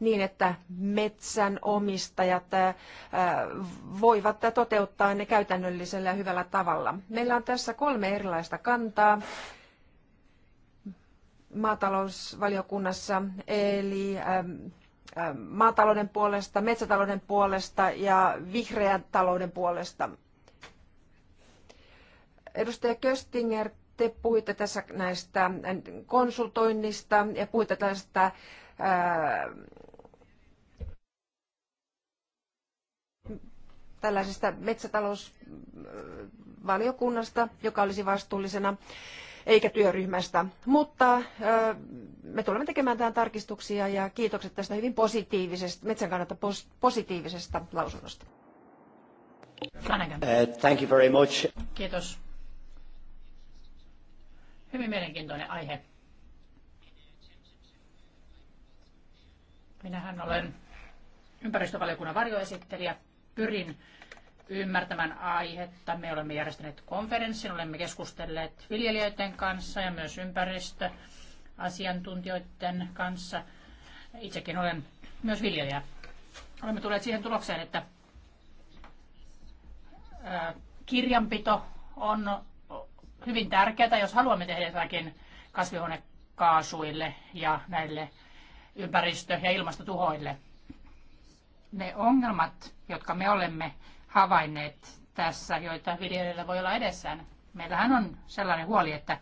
niin, että metsänomistajat voivat toteuttaa ne käytännöllisellä ja hyvällä tavalla. Meillä on tässä kolme erilaista kantaa maatalousvaliokunnassa, eli ähm, ähm, maatalouden puolesta, metsätalouden puolesta ja vihreän talouden puolesta. Edustaja Köstinger, te puhuitte tässä näistä äh, konsultoinnista ja puhuitte tästä ää, äh, tällaisesta metsätalousvaliokunnasta, joka olisi vastuullisena eikä työryhmästä. Mutta me tulemme tekemään tähän tarkistuksia ja kiitokset tästä hyvin positiivisesta, metsän kannalta positiivisesta lausunnosta. Uh, thank you very much. Kiitos. Hyvin mielenkiintoinen aihe. Minähän olen ympäristövaliokunnan varjoesittelijä. Pyrin ymmärtämään aihetta. Me olemme järjestäneet konferenssin, olemme keskustelleet viljelijöiden kanssa ja myös ympäristöasiantuntijoiden kanssa. Itsekin olen myös viljelijä. Olemme tulleet siihen tulokseen, että kirjanpito on hyvin tärkeää, jos haluamme tehdä jotakin kasvihuonekaasuille ja näille ympäristö- ja ilmastotuhoille. Ne ongelmat, jotka me olemme havainneet tässä, joita viljelijöillä voi olla edessään. Meillähän on sellainen huoli, että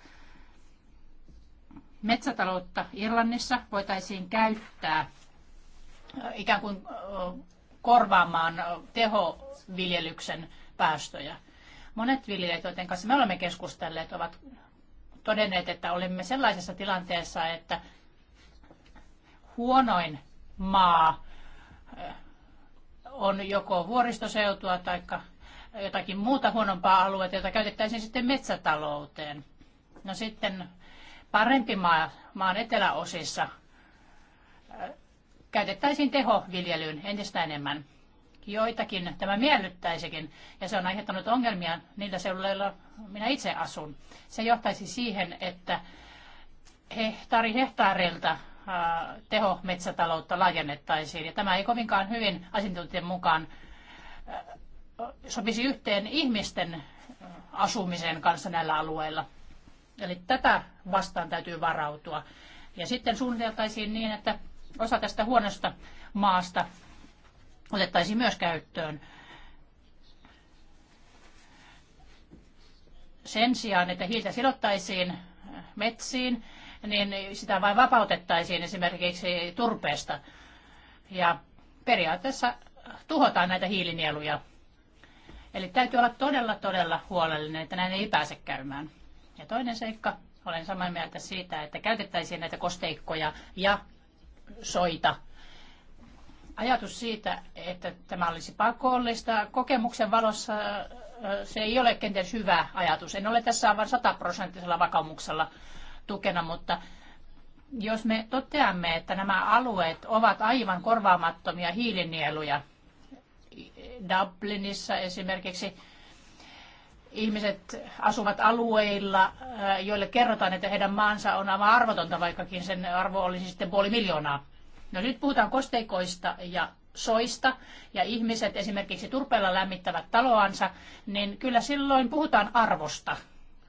metsätaloutta Irlannissa voitaisiin käyttää äh, ikään kuin äh, korvaamaan äh, tehoviljelyksen päästöjä. Monet viljelijät, joiden kanssa me olemme keskustelleet, ovat todenneet, että olemme sellaisessa tilanteessa, että huonoin maa on joko vuoristoseutua tai jotakin muuta huonompaa aluetta, jota käytettäisiin sitten metsätalouteen. No sitten parempi maa, maan eteläosissa äh, käytettäisiin tehoviljelyyn entistä enemmän. Joitakin tämä miellyttäisikin, ja se on aiheuttanut ongelmia niillä seuduilla, minä itse asun. Se johtaisi siihen, että hehtaari hehtaarilta tehometsätaloutta laajennettaisiin. Ja tämä ei kovinkaan hyvin asiantuntijan mukaan sopisi yhteen ihmisten asumisen kanssa näillä alueilla. Eli tätä vastaan täytyy varautua. Ja sitten suunniteltaisiin niin, että osa tästä huonosta maasta otettaisiin myös käyttöön. Sen sijaan, että hiiltä sidottaisiin metsiin, niin sitä vain vapautettaisiin esimerkiksi turpeesta. Ja periaatteessa tuhotaan näitä hiilinieluja. Eli täytyy olla todella, todella huolellinen, että näin ei pääse käymään. Ja toinen seikka, olen samaa mieltä siitä, että käytettäisiin näitä kosteikkoja ja soita. Ajatus siitä, että tämä olisi pakollista, kokemuksen valossa se ei ole kenties hyvä ajatus. En ole tässä aivan sataprosenttisella vakaumuksella tukena, mutta jos me toteamme, että nämä alueet ovat aivan korvaamattomia hiilinieluja, Dublinissa esimerkiksi ihmiset asuvat alueilla, äh, joille kerrotaan, että heidän maansa on aivan arvotonta, vaikkakin sen arvo olisi sitten puoli miljoonaa. No nyt puhutaan kosteikoista ja soista ja ihmiset esimerkiksi turpeella lämmittävät taloansa, niin kyllä silloin puhutaan arvosta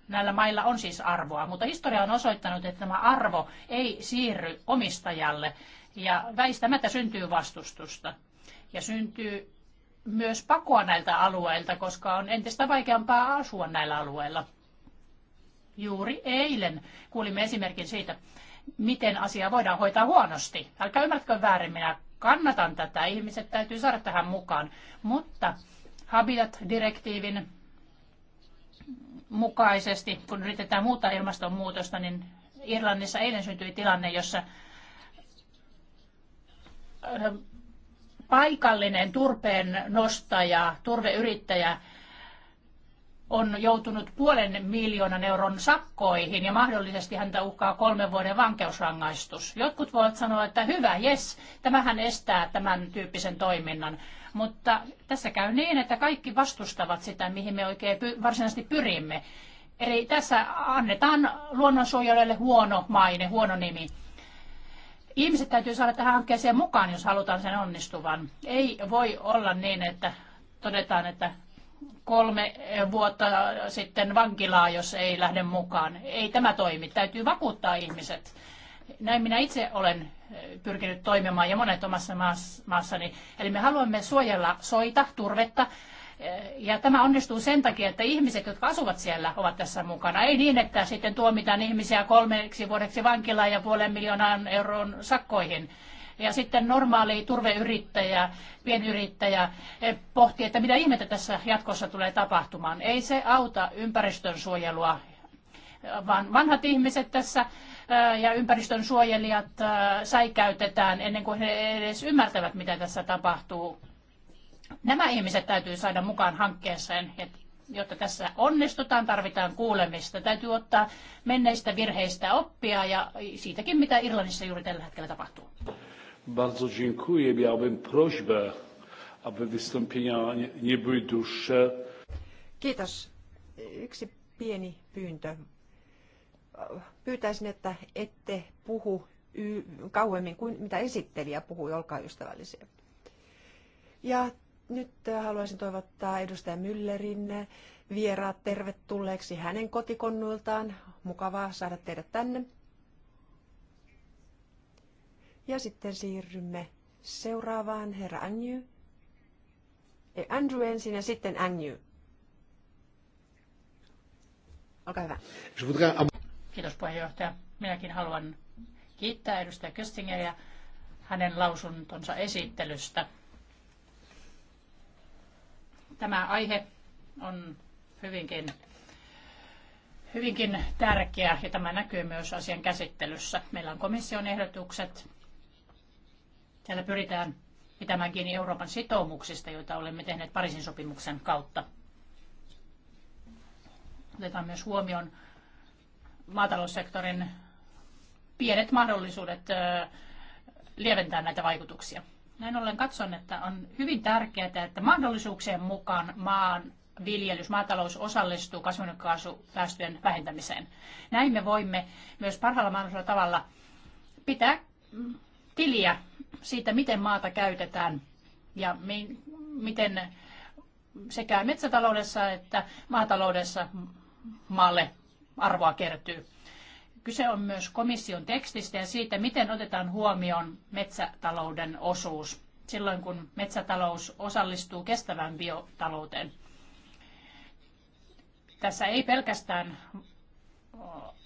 näillä mailla on siis arvoa, mutta historia on osoittanut, että tämä arvo ei siirry omistajalle ja väistämättä syntyy vastustusta. Ja syntyy myös pakoa näiltä alueilta, koska on entistä vaikeampaa asua näillä alueilla. Juuri eilen kuulimme esimerkin siitä, miten asia voidaan hoitaa huonosti. Älkää ymmärtäkö väärin, minä kannatan tätä. Ihmiset täytyy saada tähän mukaan. Mutta Habitat-direktiivin mukaisesti, kun yritetään muuttaa ilmastonmuutosta, niin Irlannissa eilen syntyi tilanne, jossa eh, paikallinen turpeen nostaja, turveyrittäjä on joutunut puolen miljoonan euron sakkoihin ja mahdollisesti häntä uhkaa kolmen vuoden vankeusrangaistus. Jotkut voivat sanoa, että hyvä, jes, tämähän estää tämän tyyppisen toiminnan mutta tässä käy niin, että kaikki vastustavat sitä, mihin me oikein varsinaisesti pyrimme. Eli tässä annetaan luonnonsuojelijoille huono maine, huono nimi. Ihmiset täytyy saada tähän hankkeeseen mukaan, jos halutaan sen onnistuvan. Ei voi olla niin, että todetaan, että kolme vuotta sitten vankilaa, jos ei lähde mukaan. Ei tämä toimi. Täytyy vakuuttaa ihmiset. Näin minä itse olen eh, pyrkinyt toimimaan ja monet omassa maassani. Eli me haluamme suojella soita, turvetta. Eh, ja tämä onnistuu sen takia, että ihmiset, jotka asuvat siellä, ovat tässä mukana. Ei niin, että sitten tuomitaan ihmisiä kolmeksi vuodeksi vankilaan ja puolen miljoonaan euron sakkoihin. Ja sitten normaali turveyrittäjä, pienyrittäjä eh, pohtii, että mitä ihmettä tässä jatkossa tulee tapahtumaan. Ei se auta ympäristön suojelua, vaan vanhat ihmiset tässä ja ympäristön suojelijat säikäytetään ennen kuin he edes ymmärtävät, mitä tässä tapahtuu. Nämä ihmiset täytyy saada mukaan hankkeeseen, jotta tässä onnistutaan, tarvitaan kuulemista. Täytyy ottaa menneistä virheistä oppia ja siitäkin, mitä Irlannissa juuri tällä hetkellä tapahtuu. Bardzo dziękuję. Miałbym prośbę, aby wystąpienia nie były dłuższe. Kiitos. Yksi pieni pyyntö pyytäisin, että ette puhu kauemmin kuin mitä esittelijä puhui, olkaa ystävällisiä. Ja nyt äh, haluaisin toivottaa edustaja Müllerin vieraat tervetulleeksi hänen kotikonnuiltaan. Mukavaa saada teidät tänne. Ja sitten siirrymme seuraavaan herra Anju. Andrew ensin ja sitten Anju. Olkaa hyvä. Kiitos puheenjohtaja. Minäkin haluan kiittää edustaja Köstingeriä hänen lausuntonsa esittelystä. Tämä aihe on hyvinkin, hyvinkin tärkeä ja tämä näkyy myös asian käsittelyssä. Meillä on komission ehdotukset. Täällä pyritään pitämään kiinni Euroopan sitoumuksista, joita olemme tehneet Pariisin sopimuksen kautta. Otetaan myös huomioon maataloussektorin pienet mahdollisuudet lieventää näitä vaikutuksia. Näin ollen katson, että on hyvin tärkeää, että mahdollisuuksien mukaan maan viljelys, maatalous osallistuu kasvihuonekaasupäästöjen vähentämiseen. Näin me voimme myös parhaalla mahdollisella tavalla pitää tiliä siitä, miten maata käytetään ja mi- miten sekä metsätaloudessa että maataloudessa maalle arvoa kertyy. Kyse on myös komission tekstistä ja siitä, miten otetaan huomioon metsätalouden osuus silloin, kun metsätalous osallistuu kestävään biotalouteen. Tässä ei pelkästään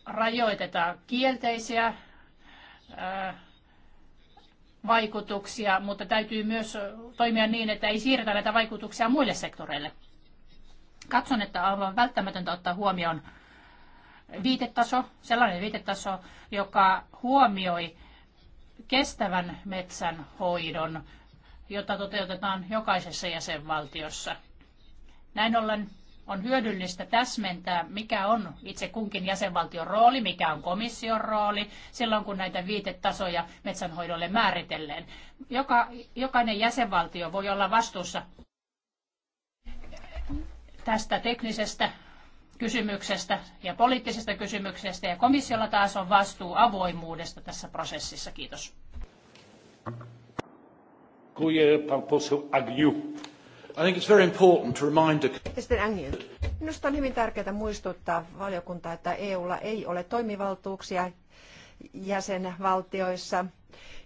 rajoiteta kielteisiä vaikutuksia, mutta täytyy myös toimia niin, että ei siirretä näitä vaikutuksia muille sektoreille. Katson, että on välttämätöntä ottaa huomioon viitetaso, sellainen viitetaso, joka huomioi kestävän metsän hoidon, jota toteutetaan jokaisessa jäsenvaltiossa. Näin ollen on hyödyllistä täsmentää, mikä on itse kunkin jäsenvaltion rooli, mikä on komission rooli silloin, kun näitä viitetasoja metsänhoidolle määritellään. Joka, jokainen jäsenvaltio voi olla vastuussa tästä teknisestä kysymyksestä ja poliittisesta kysymyksestä ja komissiolla taas on vastuu avoimuudesta tässä prosessissa. Kiitos. I think it's very important to remind Minusta on hyvin tärkeää muistuttaa valiokuntaa, että EUlla ei ole toimivaltuuksia jäsenvaltioissa –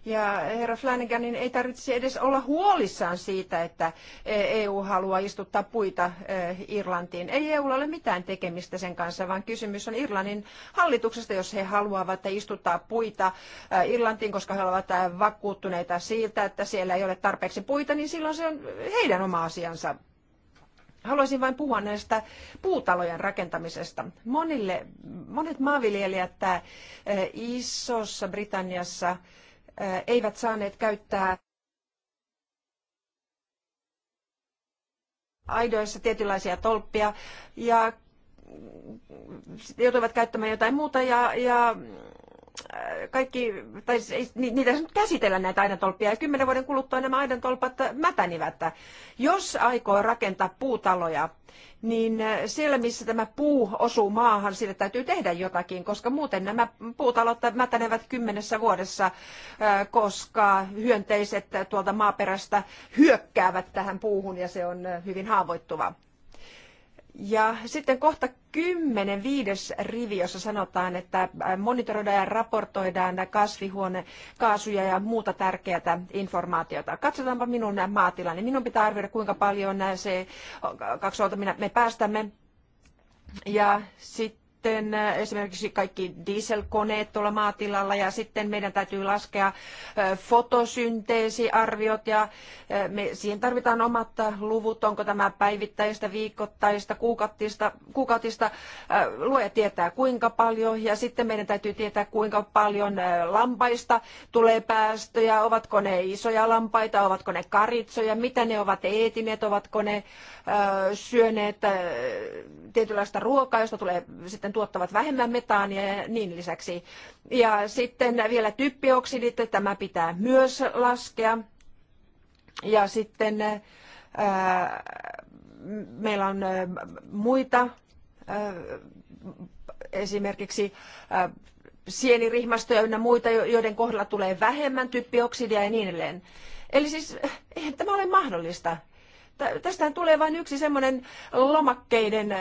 ja herra Flanaganin ei tarvitse edes olla huolissaan siitä, että EU e haluaa istuttaa puita e, Irlantiin. Ei EU ole mitään tekemistä sen kanssa, vaan kysymys on Irlannin hallituksesta, jos he haluavat istuttaa puita e, Irlantiin, koska he ovat vakuuttuneita siitä, että siellä ei ole tarpeeksi puita, niin silloin se on heidän oma asiansa. Haluaisin vain puhua näistä puutalojen rakentamisesta. Monille, monet maanviljelijät Isossa Britanniassa eivät saaneet käyttää aidoissa tietynlaisia tolppia ja joutuivat käyttämään jotain muuta ja, ja Äh, kaikki, tai siis ei, niitä ei käsitellä näitä aidantolppia, ja kymmenen vuoden kuluttua nämä aidantolpat mätänivät. Jos aikoo rakentaa puutaloja, niin äh, siellä missä tämä puu osuu maahan, sille täytyy tehdä jotakin, koska muuten nämä puutalot mätänevät kymmenessä vuodessa, äh, koska hyönteiset tuolta maaperästä hyökkäävät tähän puuhun ja se on hyvin haavoittuva. Ja sitten kohta 10 viides rivi, jossa sanotaan, että äh, monitoroidaan ja raportoidaan kasvihuonekaasuja ja muuta tärkeää informaatiota. Katsotaanpa minun maatilani. Minun pitää arvioida, kuinka paljon se kaksi me päästämme. Ja sitten sitten esimerkiksi kaikki dieselkoneet tuolla maatilalla ja sitten meidän täytyy laskea fotosynteesiarviot ja me, siihen tarvitaan omat luvut, onko tämä päivittäistä, viikoittaista, kuukautista, kuukautista luoja tietää kuinka paljon ja sitten meidän täytyy tietää kuinka paljon lampaista tulee päästöjä, ovatko ne isoja lampaita, ovatko ne karitsoja, mitä ne ovat eetineet, ovatko ne syöneet tietynlaista ruokaa, josta tulee sitten tuottavat vähemmän metaania ja niin lisäksi. Ja sitten vielä typpioksidit, tämä pitää myös laskea. Ja sitten ää, äh, meillä on äh, muita ää, äh, esimerkiksi ää, sienirihmastoja ynnä muita, joiden kohdalla tulee vähemmän typpioksidia ja niin edelleen. Eli siis eihän tämä ole mahdollista. Tästähän tulee vain yksi semmoinen lomakkeiden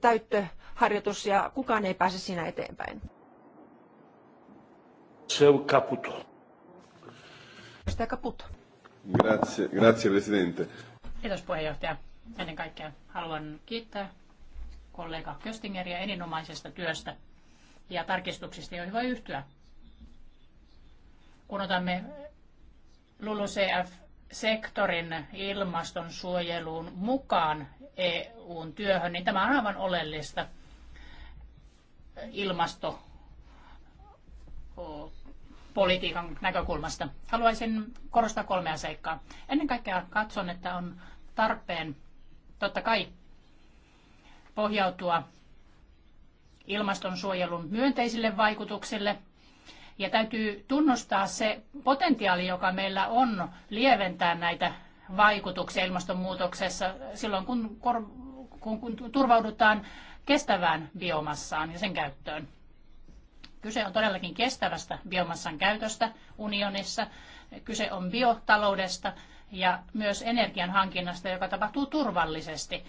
täyttö harjoitus ja kukaan ei pääse siinä eteenpäin. Seu Caputo. Edustaja Caputo. Grazie, grazie presidente. Kiitos puheenjohtaja. Ennen kaikkea haluan kiittää kollega Köstingeriä erinomaisesta työstä ja tarkistuksista, joihin voi yhtyä. Kun otamme LULUCF-sektorin ilmastonsuojeluun mukaan EUn työhön, niin tämä on aivan oleellista – ilmasto oh, politiikan näkökulmasta. Haluaisin korostaa kolmea seikkaa. Ennen kaikkea katson, että on tarpeen totta kai pohjautua ilmastonsuojelun myönteisille vaikutuksille. Ja täytyy tunnustaa se potentiaali, joka meillä on lieventää näitä vaikutuksia ilmastonmuutoksessa silloin, kun, kun, kun turvaudutaan kestävään biomassaan ja sen käyttöön. Kyse on todellakin kestävästä biomassan käytöstä unionissa. Kyse on biotaloudesta ja myös energian hankinnasta, joka tapahtuu turvallisesti.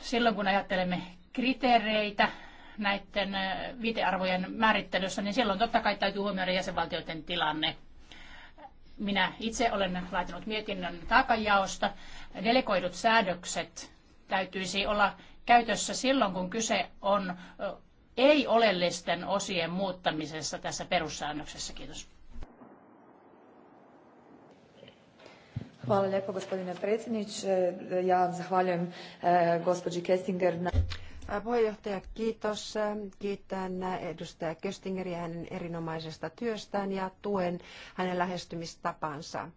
Silloin kun ajattelemme kriteereitä näiden viitearvojen määrittelyssä, niin silloin totta kai täytyy huomioida jäsenvaltioiden tilanne. Minä itse olen laitanut mietinnön taakanjaosta. Delegoidut säädökset täytyisi olla käytössä silloin, kun kyse on ei-oleellisten osien muuttamisessa tässä perussäännöksessä. Kiitos. Hvala lijepo gospodine predsjedniče. Ja zahvaljujem e, gospođi Kestinger Puheenjohtaja, kiitos. Kiitän edustaja Kestingeriä hänen erinomaisesta työstään ja tuen hänen lähestymistapansa.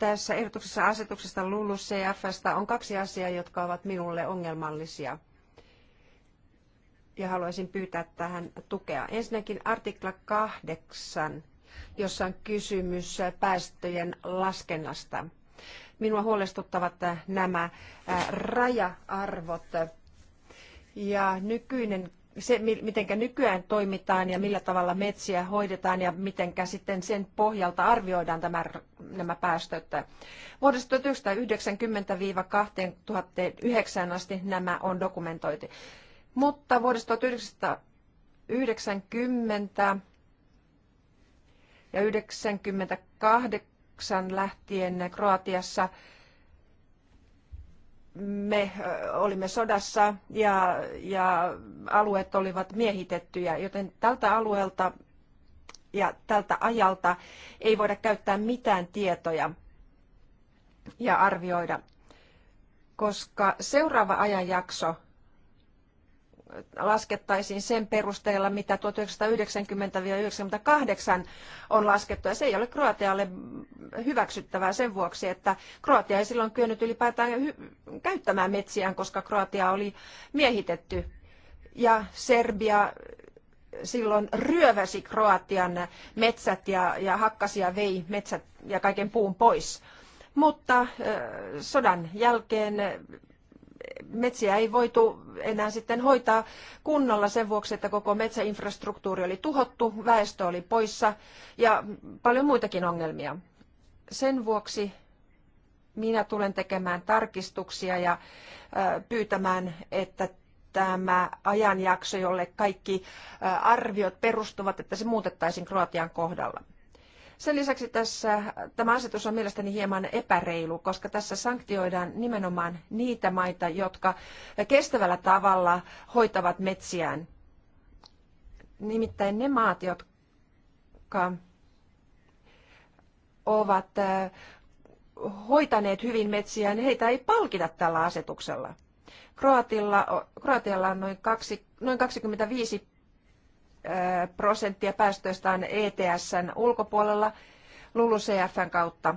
tässä ehdotuksessa asetuksesta LULUCFstä on kaksi asiaa, jotka ovat minulle ongelmallisia. Ja haluaisin pyytää tähän tukea. Ensinnäkin artikla 8, jossa on kysymys päästöjen laskennasta. Minua huolestuttavat nämä raja-arvot ja nykyinen se, miten nykyään toimitaan ja millä tavalla metsiä hoidetaan ja miten sitten sen pohjalta arvioidaan tämä, nämä päästöt. Vuodesta 1990-2009 asti nämä on dokumentoitu. Mutta vuodesta 1990 ja 1998 lähtien Kroatiassa – me olimme sodassa ja, ja alueet olivat miehitettyjä, joten tältä alueelta ja tältä ajalta ei voida käyttää mitään tietoja ja arvioida, koska seuraava ajanjakso laskettaisiin sen perusteella, mitä 1990-1998 on laskettu. Ja se ei ole Kroatialle hyväksyttävää sen vuoksi, että Kroatia ei silloin kyennyt ylipäätään käyttämään metsiään, koska Kroatia oli miehitetty. Ja Serbia silloin ryöväsi Kroatian metsät ja, ja hakkasi ja vei metsät ja kaiken puun pois. Mutta sodan jälkeen metsiä ei voitu enää sitten hoitaa kunnolla sen vuoksi, että koko metsäinfrastruktuuri oli tuhottu, väestö oli poissa ja paljon muitakin ongelmia. Sen vuoksi minä tulen tekemään tarkistuksia ja pyytämään, että tämä ajanjakso, jolle kaikki arviot perustuvat, että se muutettaisiin Kroatian kohdalla. Sen lisäksi tässä, tämä asetus on mielestäni hieman epäreilu, koska tässä sanktioidaan nimenomaan niitä maita, jotka kestävällä tavalla hoitavat metsiään. Nimittäin ne maat, jotka ovat äh, hoitaneet hyvin metsiään, heitä ei palkita tällä asetuksella. Kroatilla, Kroatialla on noin, kaksi, noin 25 prosenttia päästöistä ETSn ulkopuolella LULUCFn kautta.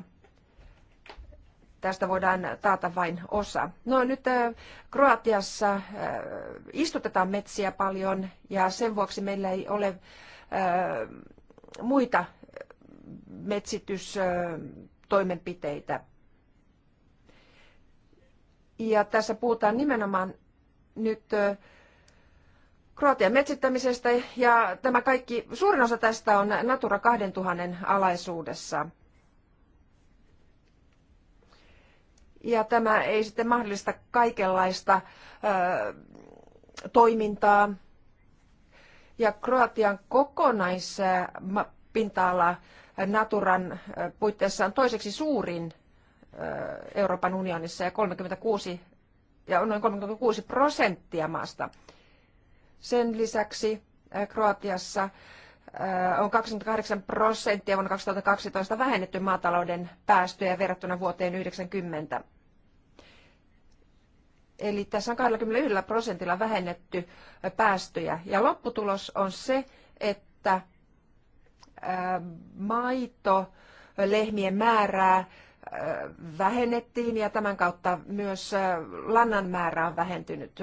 Tästä voidaan taata vain osa. No nyt Kroatiassa istutetaan metsiä paljon ja sen vuoksi meillä ei ole muita metsitystoimenpiteitä. Ja tässä puhutaan nimenomaan nyt Kroatian metsittämisestä ja tämä kaikki, suurin osa tästä on Natura 2000 alaisuudessa. Ja tämä ei sitten mahdollista kaikenlaista ö, toimintaa. Ja Kroatian kokonaispinta-ala Naturan puitteissa on toiseksi suurin Euroopan unionissa ja, 36, ja noin 36 prosenttia maasta. Sen lisäksi äh, Kroatiassa äh, on 28 prosenttia vuonna 2012 vähennetty maatalouden päästöjä verrattuna vuoteen 90 Eli tässä on 21 prosentilla vähennetty äh, päästöjä. Ja lopputulos on se, että maito lehmien määrää vähennettiin ja tämän kautta myös lannan määrä on vähentynyt.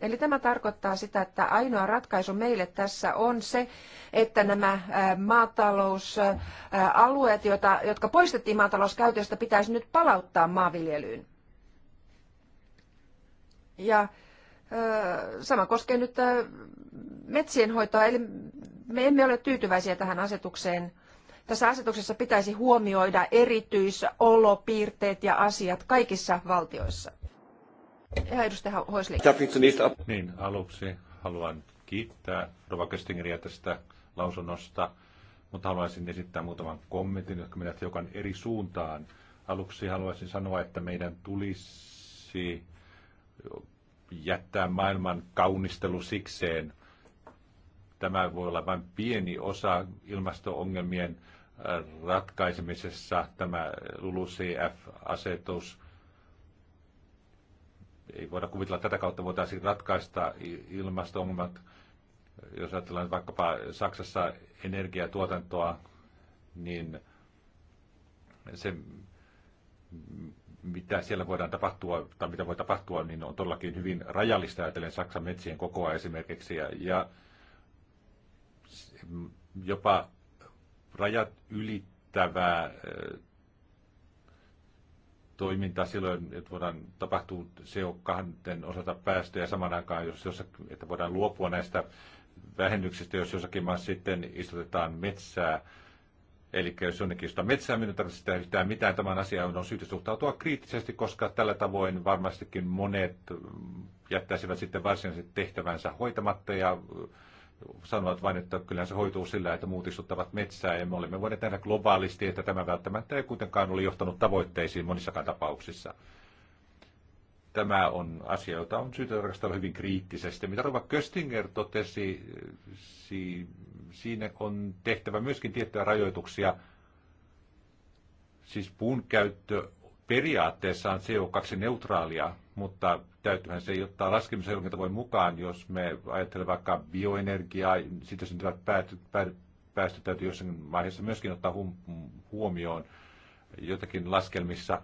Eli tämä tarkoittaa sitä, että ainoa ratkaisu meille tässä on se, että nämä maatalousalueet, jotka poistettiin maatalouskäytöstä, pitäisi nyt palauttaa maanviljelyyn. Ja sama koskee nyt metsien hoitoa, eli me emme ole tyytyväisiä tähän asetukseen. Tässä asetuksessa pitäisi huomioida erityisolopiirteet ja asiat kaikissa valtioissa. Ja edustaja Niin, aluksi haluan kiittää Rova Köstingeriä tästä lausunnosta, mutta haluaisin esittää muutaman kommentin, jotka menevät hiukan eri suuntaan. Aluksi haluaisin sanoa, että meidän tulisi jättää maailman kaunistelu sikseen. Tämä voi olla vain pieni osa ilmasto-ongelmien äh, ratkaisemisessa, tämä LULUCF-asetus – ei voida kuvitella, että tätä kautta voitaisiin ratkaista ilmasto-ongelmat. Jos ajatellaan vaikkapa Saksassa energiatuotantoa, niin se, mitä siellä voidaan tapahtua, tai mitä voi tapahtua, niin on todellakin hyvin rajallista ajatellen Saksan metsien kokoa esimerkiksi. Ja, ja jopa rajat ylittävää toimintaa silloin, että voidaan tapahtua CO2 osalta päästöjä saman aikaan, jos jossakin, että voidaan luopua näistä vähennyksistä, jos jossakin maassa sitten istutetaan metsää. Eli jos jonnekin istutaan metsää, minun niin tarvitsee sitä yhtään mitään. Tämän asian on syytä suhtautua kriittisesti, koska tällä tavoin varmastikin monet jättäisivät sitten varsinaiset tehtävänsä hoitamatta ja sanoivat vain, että kyllä se hoituu sillä, että muut istuttavat metsää ja me olemme voineet nähdä globaalisti, että tämä välttämättä ei kuitenkaan ole johtanut tavoitteisiin monissakaan tapauksissa. Tämä on asia, jota on syytä tarkastella hyvin kriittisesti. Mitä Rova Köstinger totesi, siinä on tehtävä myöskin tiettyjä rajoituksia. Siis puun käyttö periaatteessa on CO2-neutraalia, mutta käyttäytymään. Se ei ottaa laskemisen jonkin tavoin mukaan, jos me ajattelemme vaikka bioenergiaa, sitten syntyvät pääty, pää, päästöt täytyy jossain vaiheessa myöskin ottaa hum, huomioon jotakin laskelmissa,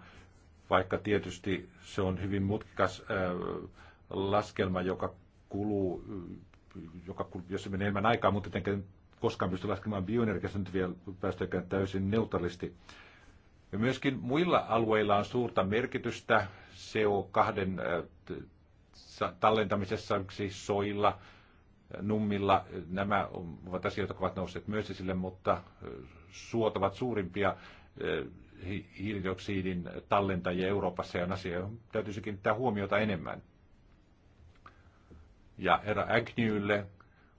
vaikka tietysti se on hyvin mutkikas äh, laskelma, joka kuluu, joka, jos se menee enemmän aikaa, mutta tietenkään koskaan pysty laskemaan bioenergiasta nyt vielä päästöjä täysin neutraalisti. Ja myöskin muilla alueilla on suurta merkitystä CO2 äh, tallentamisessa, siis soilla, äh, nummilla. Nämä ovat asioita, jotka ovat nousseet myös esille, mutta äh, suot ovat suurimpia hiilidioksidin tallentajia Euroopassa ja on asia, johon täytyisi kiinnittää huomiota enemmän. Ja herra Agnewlle,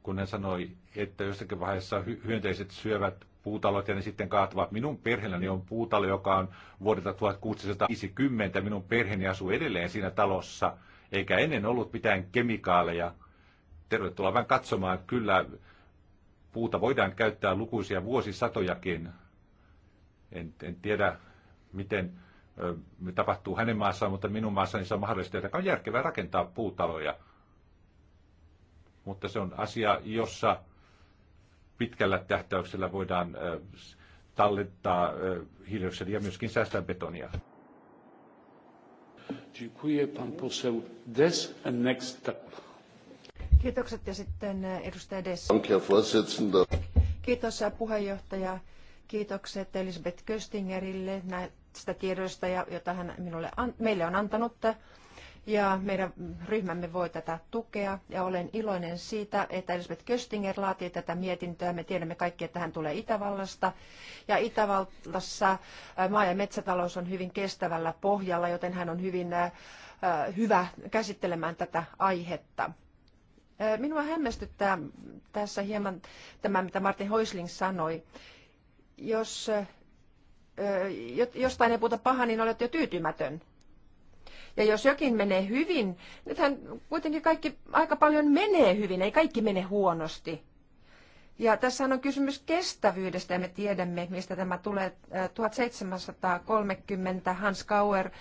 kun hän sanoi, että jossakin vaiheessa hyönteiset syövät puutalot ja ne sitten kaatuvat. Minun perheelläni on puutalo, joka on vuodelta 1650. Minun perheeni asuu edelleen siinä talossa, eikä ennen ollut mitään kemikaaleja. Tervetuloa vähän katsomaan. Kyllä puuta voidaan käyttää lukuisia vuosisatojakin. En, en tiedä, miten ö, tapahtuu hänen maassaan, mutta minun maassani se on mahdollista, että on järkevää rakentaa puutaloja. Mutta se on asia, jossa pitkällä tähtäyksellä voidaan tallettaa hiilidioksidia ja myöskin säästää betonia. Kiitokset ja sitten e, edustaja Des. Kiitos e, puheenjohtaja. Kiitokset Elisabeth Köstingerille näistä tiedoista, joita hän minulle, meille on antanut ja meidän ryhmämme voi tätä tukea ja olen iloinen siitä, että Elisabeth Köstinger laatii tätä mietintöä. Me tiedämme kaikki, että hän tulee Itävallasta ja Itävallassa äh, maa- ja metsätalous on hyvin kestävällä pohjalla, joten hän on hyvin äh, äh, hyvä käsittelemään tätä aihetta. Minua hämmästyttää tässä hieman tämä, mitä Martin Hoisling sanoi. Jos jostain ei puhuta pahaa, niin olet jo tyytymätön. Ja jos jokin menee hyvin, nythän kuitenkin kaikki aika paljon menee hyvin, ei kaikki mene huonosti. Ja tässä on kysymys kestävyydestä ja me tiedämme, mistä tämä tulee. 1730 äh, Hans Kauer äh,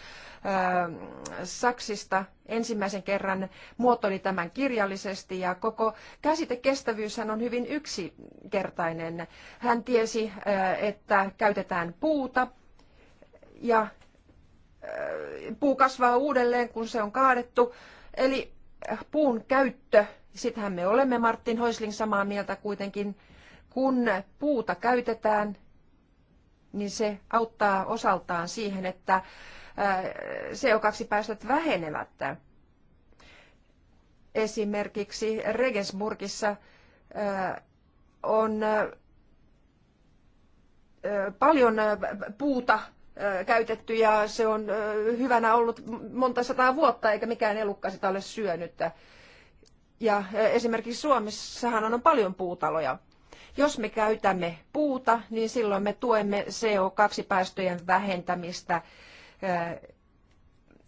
Saksista ensimmäisen kerran muotoili tämän kirjallisesti ja koko käsite kestävyys on hyvin yksinkertainen. Hän tiesi, äh, että käytetään puuta ja puu kasvaa uudelleen, kun se on kaadettu. Eli äh, puun käyttö, sitähän me olemme Martin Hoisling samaa mieltä kuitenkin, kun puuta käytetään, niin se auttaa osaltaan siihen, että CO2-päästöt vähenevät. Esimerkiksi Regensburgissa on paljon puuta käytetty ja se on hyvänä ollut monta sataa vuotta eikä mikään elukka sitä ole syönyt. Ja esimerkiksi Suomessahan on paljon puutaloja. Jos me käytämme puuta, niin silloin me tuemme CO2-päästöjen vähentämistä,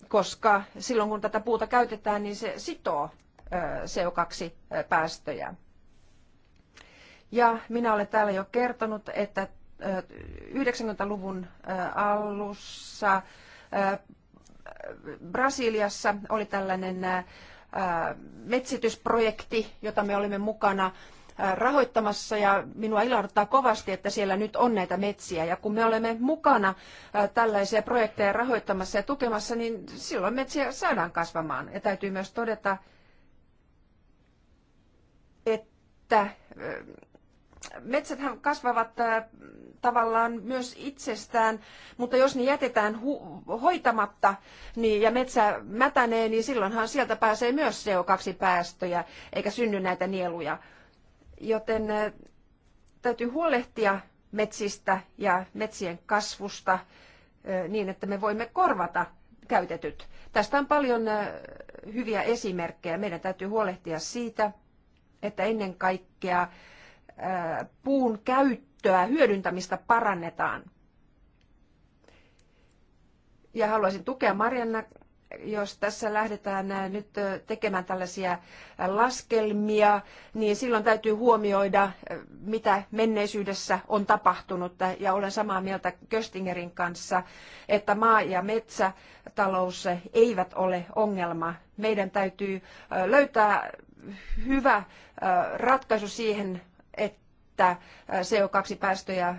koska silloin kun tätä puuta käytetään, niin se sitoo CO2-päästöjä. Ja minä olen täällä jo kertonut, että 90-luvun alussa Brasiliassa oli tällainen metsitysprojekti, jota me olimme mukana rahoittamassa ja minua ilahduttaa kovasti, että siellä nyt on näitä metsiä. Ja kun me olemme mukana tällaisia projekteja rahoittamassa ja tukemassa, niin silloin metsiä saadaan kasvamaan. Ja täytyy myös todeta, että Metsät kasvavat äh, tavallaan myös itsestään, mutta jos ne jätetään hoitamatta niin, ja metsä mätänee, niin silloinhan sieltä pääsee myös CO2-päästöjä, eikä synny näitä nieluja. Joten äh, täytyy huolehtia metsistä ja metsien kasvusta äh, niin, että me voimme korvata käytetyt. Tästä on paljon hyviä esimerkkejä. Meidän täytyy huolehtia siitä, että ennen kaikkea puun käyttöä, hyödyntämistä parannetaan. Ja haluaisin tukea Marianna, jos tässä lähdetään nyt tekemään tällaisia laskelmia, niin silloin täytyy huomioida, mitä menneisyydessä on tapahtunut. Ja olen samaa mieltä Köstingerin kanssa, että maa- ja metsätalous eivät ole ongelma. Meidän täytyy löytää hyvä ratkaisu siihen, että äh, CO2-päästöjä äh,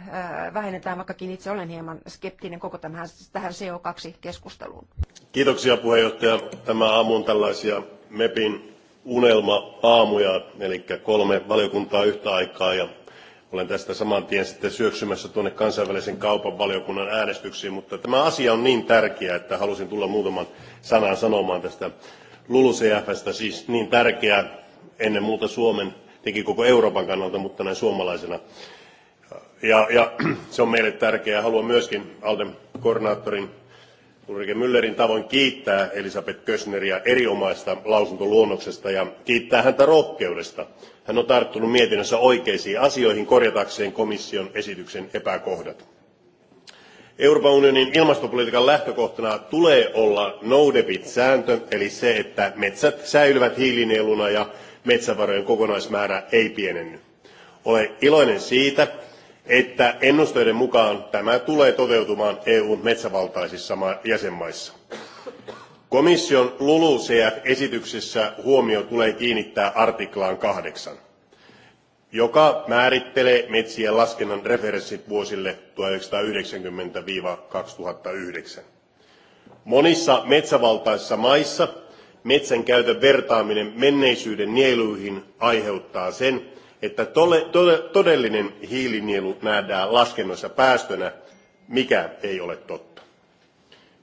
vähennetään, vaikkakin itse olen hieman skeptinen koko tämän, tähän CO2-keskusteluun. Kiitoksia puheenjohtaja. Tämä aamu on tällaisia MEPin unelma-aamuja, eli kolme valiokuntaa yhtä aikaa ja olen tästä saman tien sitten syöksymässä tuonne kansainvälisen kaupan valiokunnan äänestyksiin, mutta tämä asia on niin tärkeä, että halusin tulla muutaman sanan sanomaan tästä LULUCFstä, siis niin tärkeä ennen muuta Suomen tietenkin koko Euroopan kannalta, mutta näin suomalaisena. Ja, ja <clears throat> se on meille tärkeää. Haluan myöskin Alden koordinaattorin Ulrike Müllerin tavoin kiittää Elisabeth Kösneriä erinomaista lausuntoluonnoksesta ja kiittää häntä rohkeudesta. Hän on tarttunut mietinnössä oikeisiin asioihin korjatakseen komission esityksen epäkohdat. Euroopan unionin ilmastopolitiikan lähtökohtana tulee olla no debit sääntö, eli se, että metsät säilyvät hiilineuluna ja metsävarojen kokonaismäärä ei pienenny. Olen iloinen siitä, että ennusteiden mukaan tämä tulee toteutumaan EUn metsävaltaisissa jäsenmaissa. Komission LULUCF-esityksessä huomio tulee kiinnittää artiklaan 8, joka määrittelee metsien laskennan referenssit vuosille 1990-2009. Monissa metsävaltaisissa maissa metsän käytön vertaaminen menneisyyden nieluihin aiheuttaa sen, että tole, todellinen hiilinielu nähdään laskennoissa päästönä, mikä ei ole totta.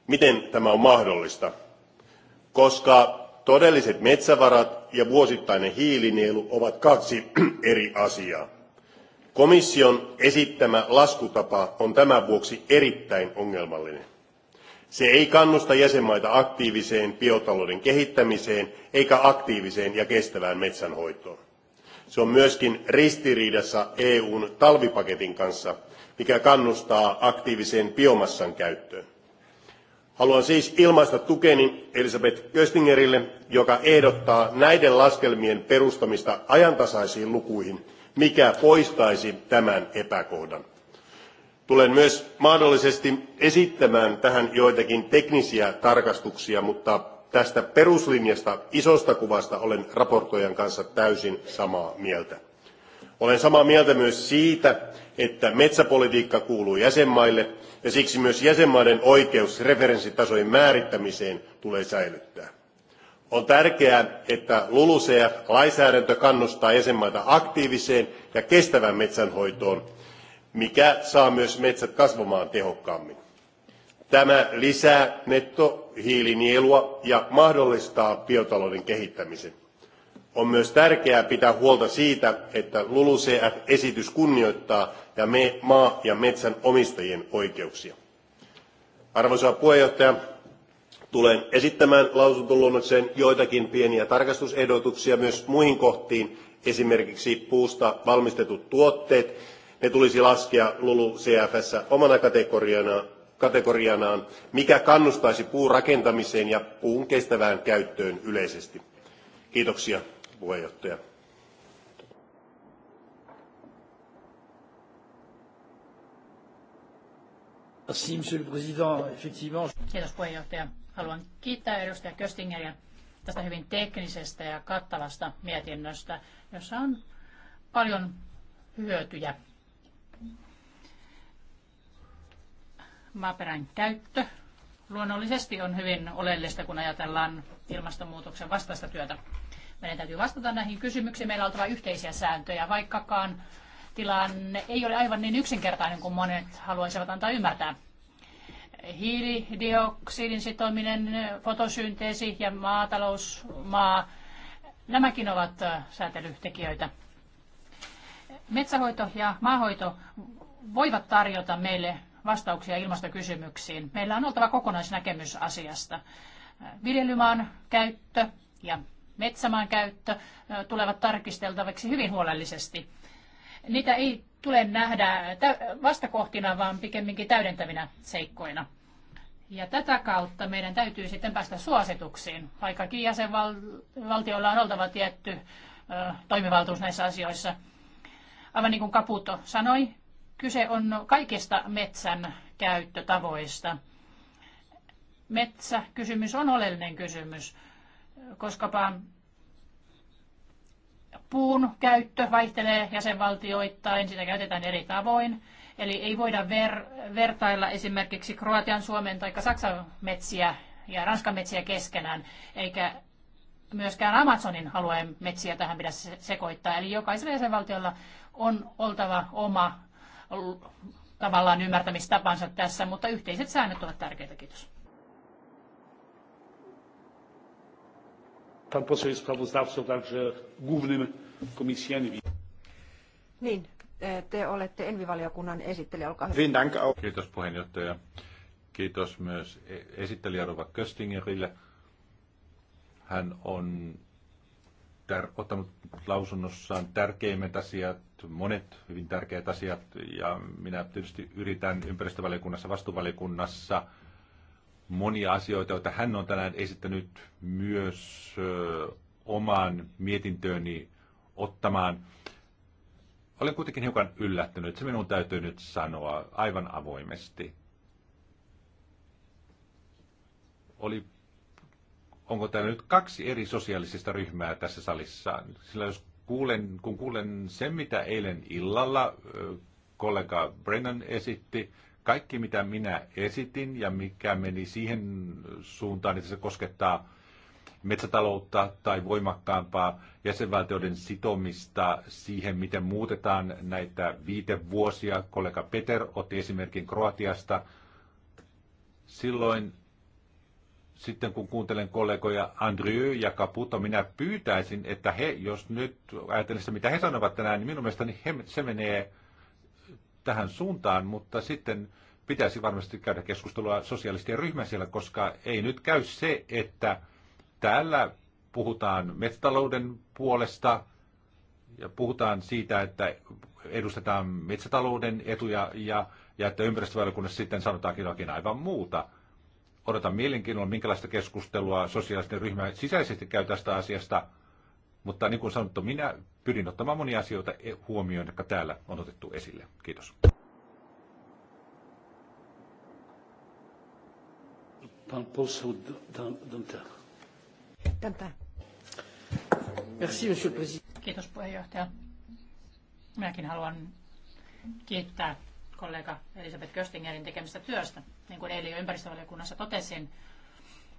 Miten tämä on mahdollista? Koska todelliset metsävarat ja vuosittainen hiilinielu ovat kaksi <clears throat> eri asiaa. Komission esittämä laskutapa on tämän vuoksi erittäin ongelmallinen. Se ei kannusta jäsenmaita aktiiviseen biotalouden kehittämiseen eikä aktiiviseen ja kestävään metsänhoitoon. Se on myöskin ristiriidassa EUn talvipaketin kanssa, mikä kannustaa aktiiviseen biomassan käyttöön. Haluan siis ilmaista tukeni Elisabeth Köstingerille, joka ehdottaa näiden laskelmien perustamista ajantasaisiin lukuihin, mikä poistaisi tämän epäkohdan. Tulen myös mahdollisesti esittämään tähän joitakin teknisiä tarkastuksia, mutta tästä peruslinjasta, isosta kuvasta olen raportoijan kanssa täysin samaa mieltä. Olen samaa mieltä myös siitä, että metsäpolitiikka kuuluu jäsenmaille ja siksi myös jäsenmaiden oikeus referenssitasojen määrittämiseen tulee säilyttää. On tärkeää, että LULUCF-lainsäädäntö kannustaa jäsenmaita aktiiviseen ja kestävään metsänhoitoon mikä saa myös metsät kasvamaan tehokkaammin. Tämä lisää nettohiilinielua ja mahdollistaa biotalouden kehittämisen. On myös tärkeää pitää huolta siitä, että LULUCF-esitys kunnioittaa ja me maa- ja metsän omistajien oikeuksia. Arvoisa puheenjohtaja, tulen esittämään lausuntoluonnokseen joitakin pieniä tarkastusehdotuksia myös muihin kohtiin, esimerkiksi puusta valmistetut tuotteet ne tulisi laskea LULU-CFssä omana kategorianaan, mikä kannustaisi puurakentamiseen ja puun kestävään käyttöön yleisesti. Kiitoksia puheenjohtaja. Kiitos puheenjohtaja. Haluan kiittää edustaja Köstingeriä tästä hyvin teknisestä ja kattavasta mietinnöstä, jossa on paljon hyötyjä maaperän käyttö luonnollisesti on hyvin oleellista, kun ajatellaan ilmastonmuutoksen vastaista työtä. Meidän täytyy vastata näihin kysymyksiin. Meillä on oltava yhteisiä sääntöjä, vaikkakaan tilanne ei ole aivan niin yksinkertainen kuin monet haluaisivat antaa ymmärtää. Hiilidioksidin sitominen, fotosynteesi ja maatalousmaa nämäkin ovat säätelytekijöitä. Metsähoito ja maahoito voivat tarjota meille vastauksia ilmastokysymyksiin. Meillä on oltava kokonaisnäkemys asiasta. Viljelymaan käyttö ja metsämaan käyttö tulevat tarkisteltavaksi hyvin huolellisesti. Niitä ei tule nähdä vastakohtina, vaan pikemminkin täydentävinä seikkoina. Ja tätä kautta meidän täytyy sitten päästä suosituksiin, vaikkakin jäsenvaltioilla on oltava tietty toimivaltuus näissä asioissa. Aivan niin kuin Kaputo sanoi, Kyse on kaikista metsän käyttötavoista. Metsäkysymys on oleellinen kysymys, koskapa puun käyttö vaihtelee jäsenvaltioittain, sitä käytetään eri tavoin. Eli ei voida ver- vertailla esimerkiksi Kroatian, Suomen tai Saksan metsiä ja Ranskan metsiä keskenään, eikä myöskään Amazonin alueen metsiä tähän pidä sekoittaa. Eli jokaisella jäsenvaltiolla on oltava oma tavallaan ymmärtämistapansa tässä, mutta yhteiset säännöt ovat tärkeitä. Kiitos. Pan poseł jest sprawozdawcą także głównym komisji Envi. Niin, te olette Envi-valiokunnan esittelijä, olkaa hyvä. Kiitos puheenjohtaja. Kiitos myös e- esittelijä Rova Köstingerille. Hän on tär- ottanut lausunnossaan tärkeimmät asiat, monet hyvin tärkeät asiat, ja minä tietysti yritän ympäristövaliokunnassa, vastuvaliokunnassa monia asioita, joita hän on tänään esittänyt myös ö, omaan mietintööni ottamaan. Olen kuitenkin hiukan yllättynyt, se minun täytyy nyt sanoa aivan avoimesti. Oli onko täällä nyt kaksi eri sosiaalisista ryhmää tässä salissa. Sillä jos kuulen, kun kuulen sen, mitä eilen illalla kollega Brennan esitti, kaikki mitä minä esitin ja mikä meni siihen suuntaan, että se koskettaa metsätaloutta tai voimakkaampaa jäsenvaltioiden sitomista siihen, miten muutetaan näitä viitevuosia. Kollega Peter otti esimerkin Kroatiasta. Silloin sitten kun kuuntelen kollegoja Andrew ja Caputo, minä pyytäisin, että he, jos nyt ajattelen sitä, mitä he sanovat tänään, niin minun mielestäni he, se menee tähän suuntaan, mutta sitten pitäisi varmasti käydä keskustelua sosiaalistien ryhmä siellä, koska ei nyt käy se, että täällä puhutaan metsätalouden puolesta ja puhutaan siitä, että edustetaan metsätalouden etuja ja, ja että ympäristövaliokunnassa sitten sanotaankin jotakin aivan muuta – odotan mielenkiinnolla, minkälaista keskustelua sosiaalisten ryhmä sisäisesti käy tästä asiasta. Mutta niin kuin sanottu, minä pyrin ottamaan monia asioita e- huomioon, jotka täällä on otettu esille. Kiitos. Pan Merci, monsieur le président. Kiitos puheenjohtaja. Minäkin haluan kiittää kollega Elisabeth Köstingerin tekemistä työstä, niin kuin eilen jo ympäristövaliokunnassa totesin,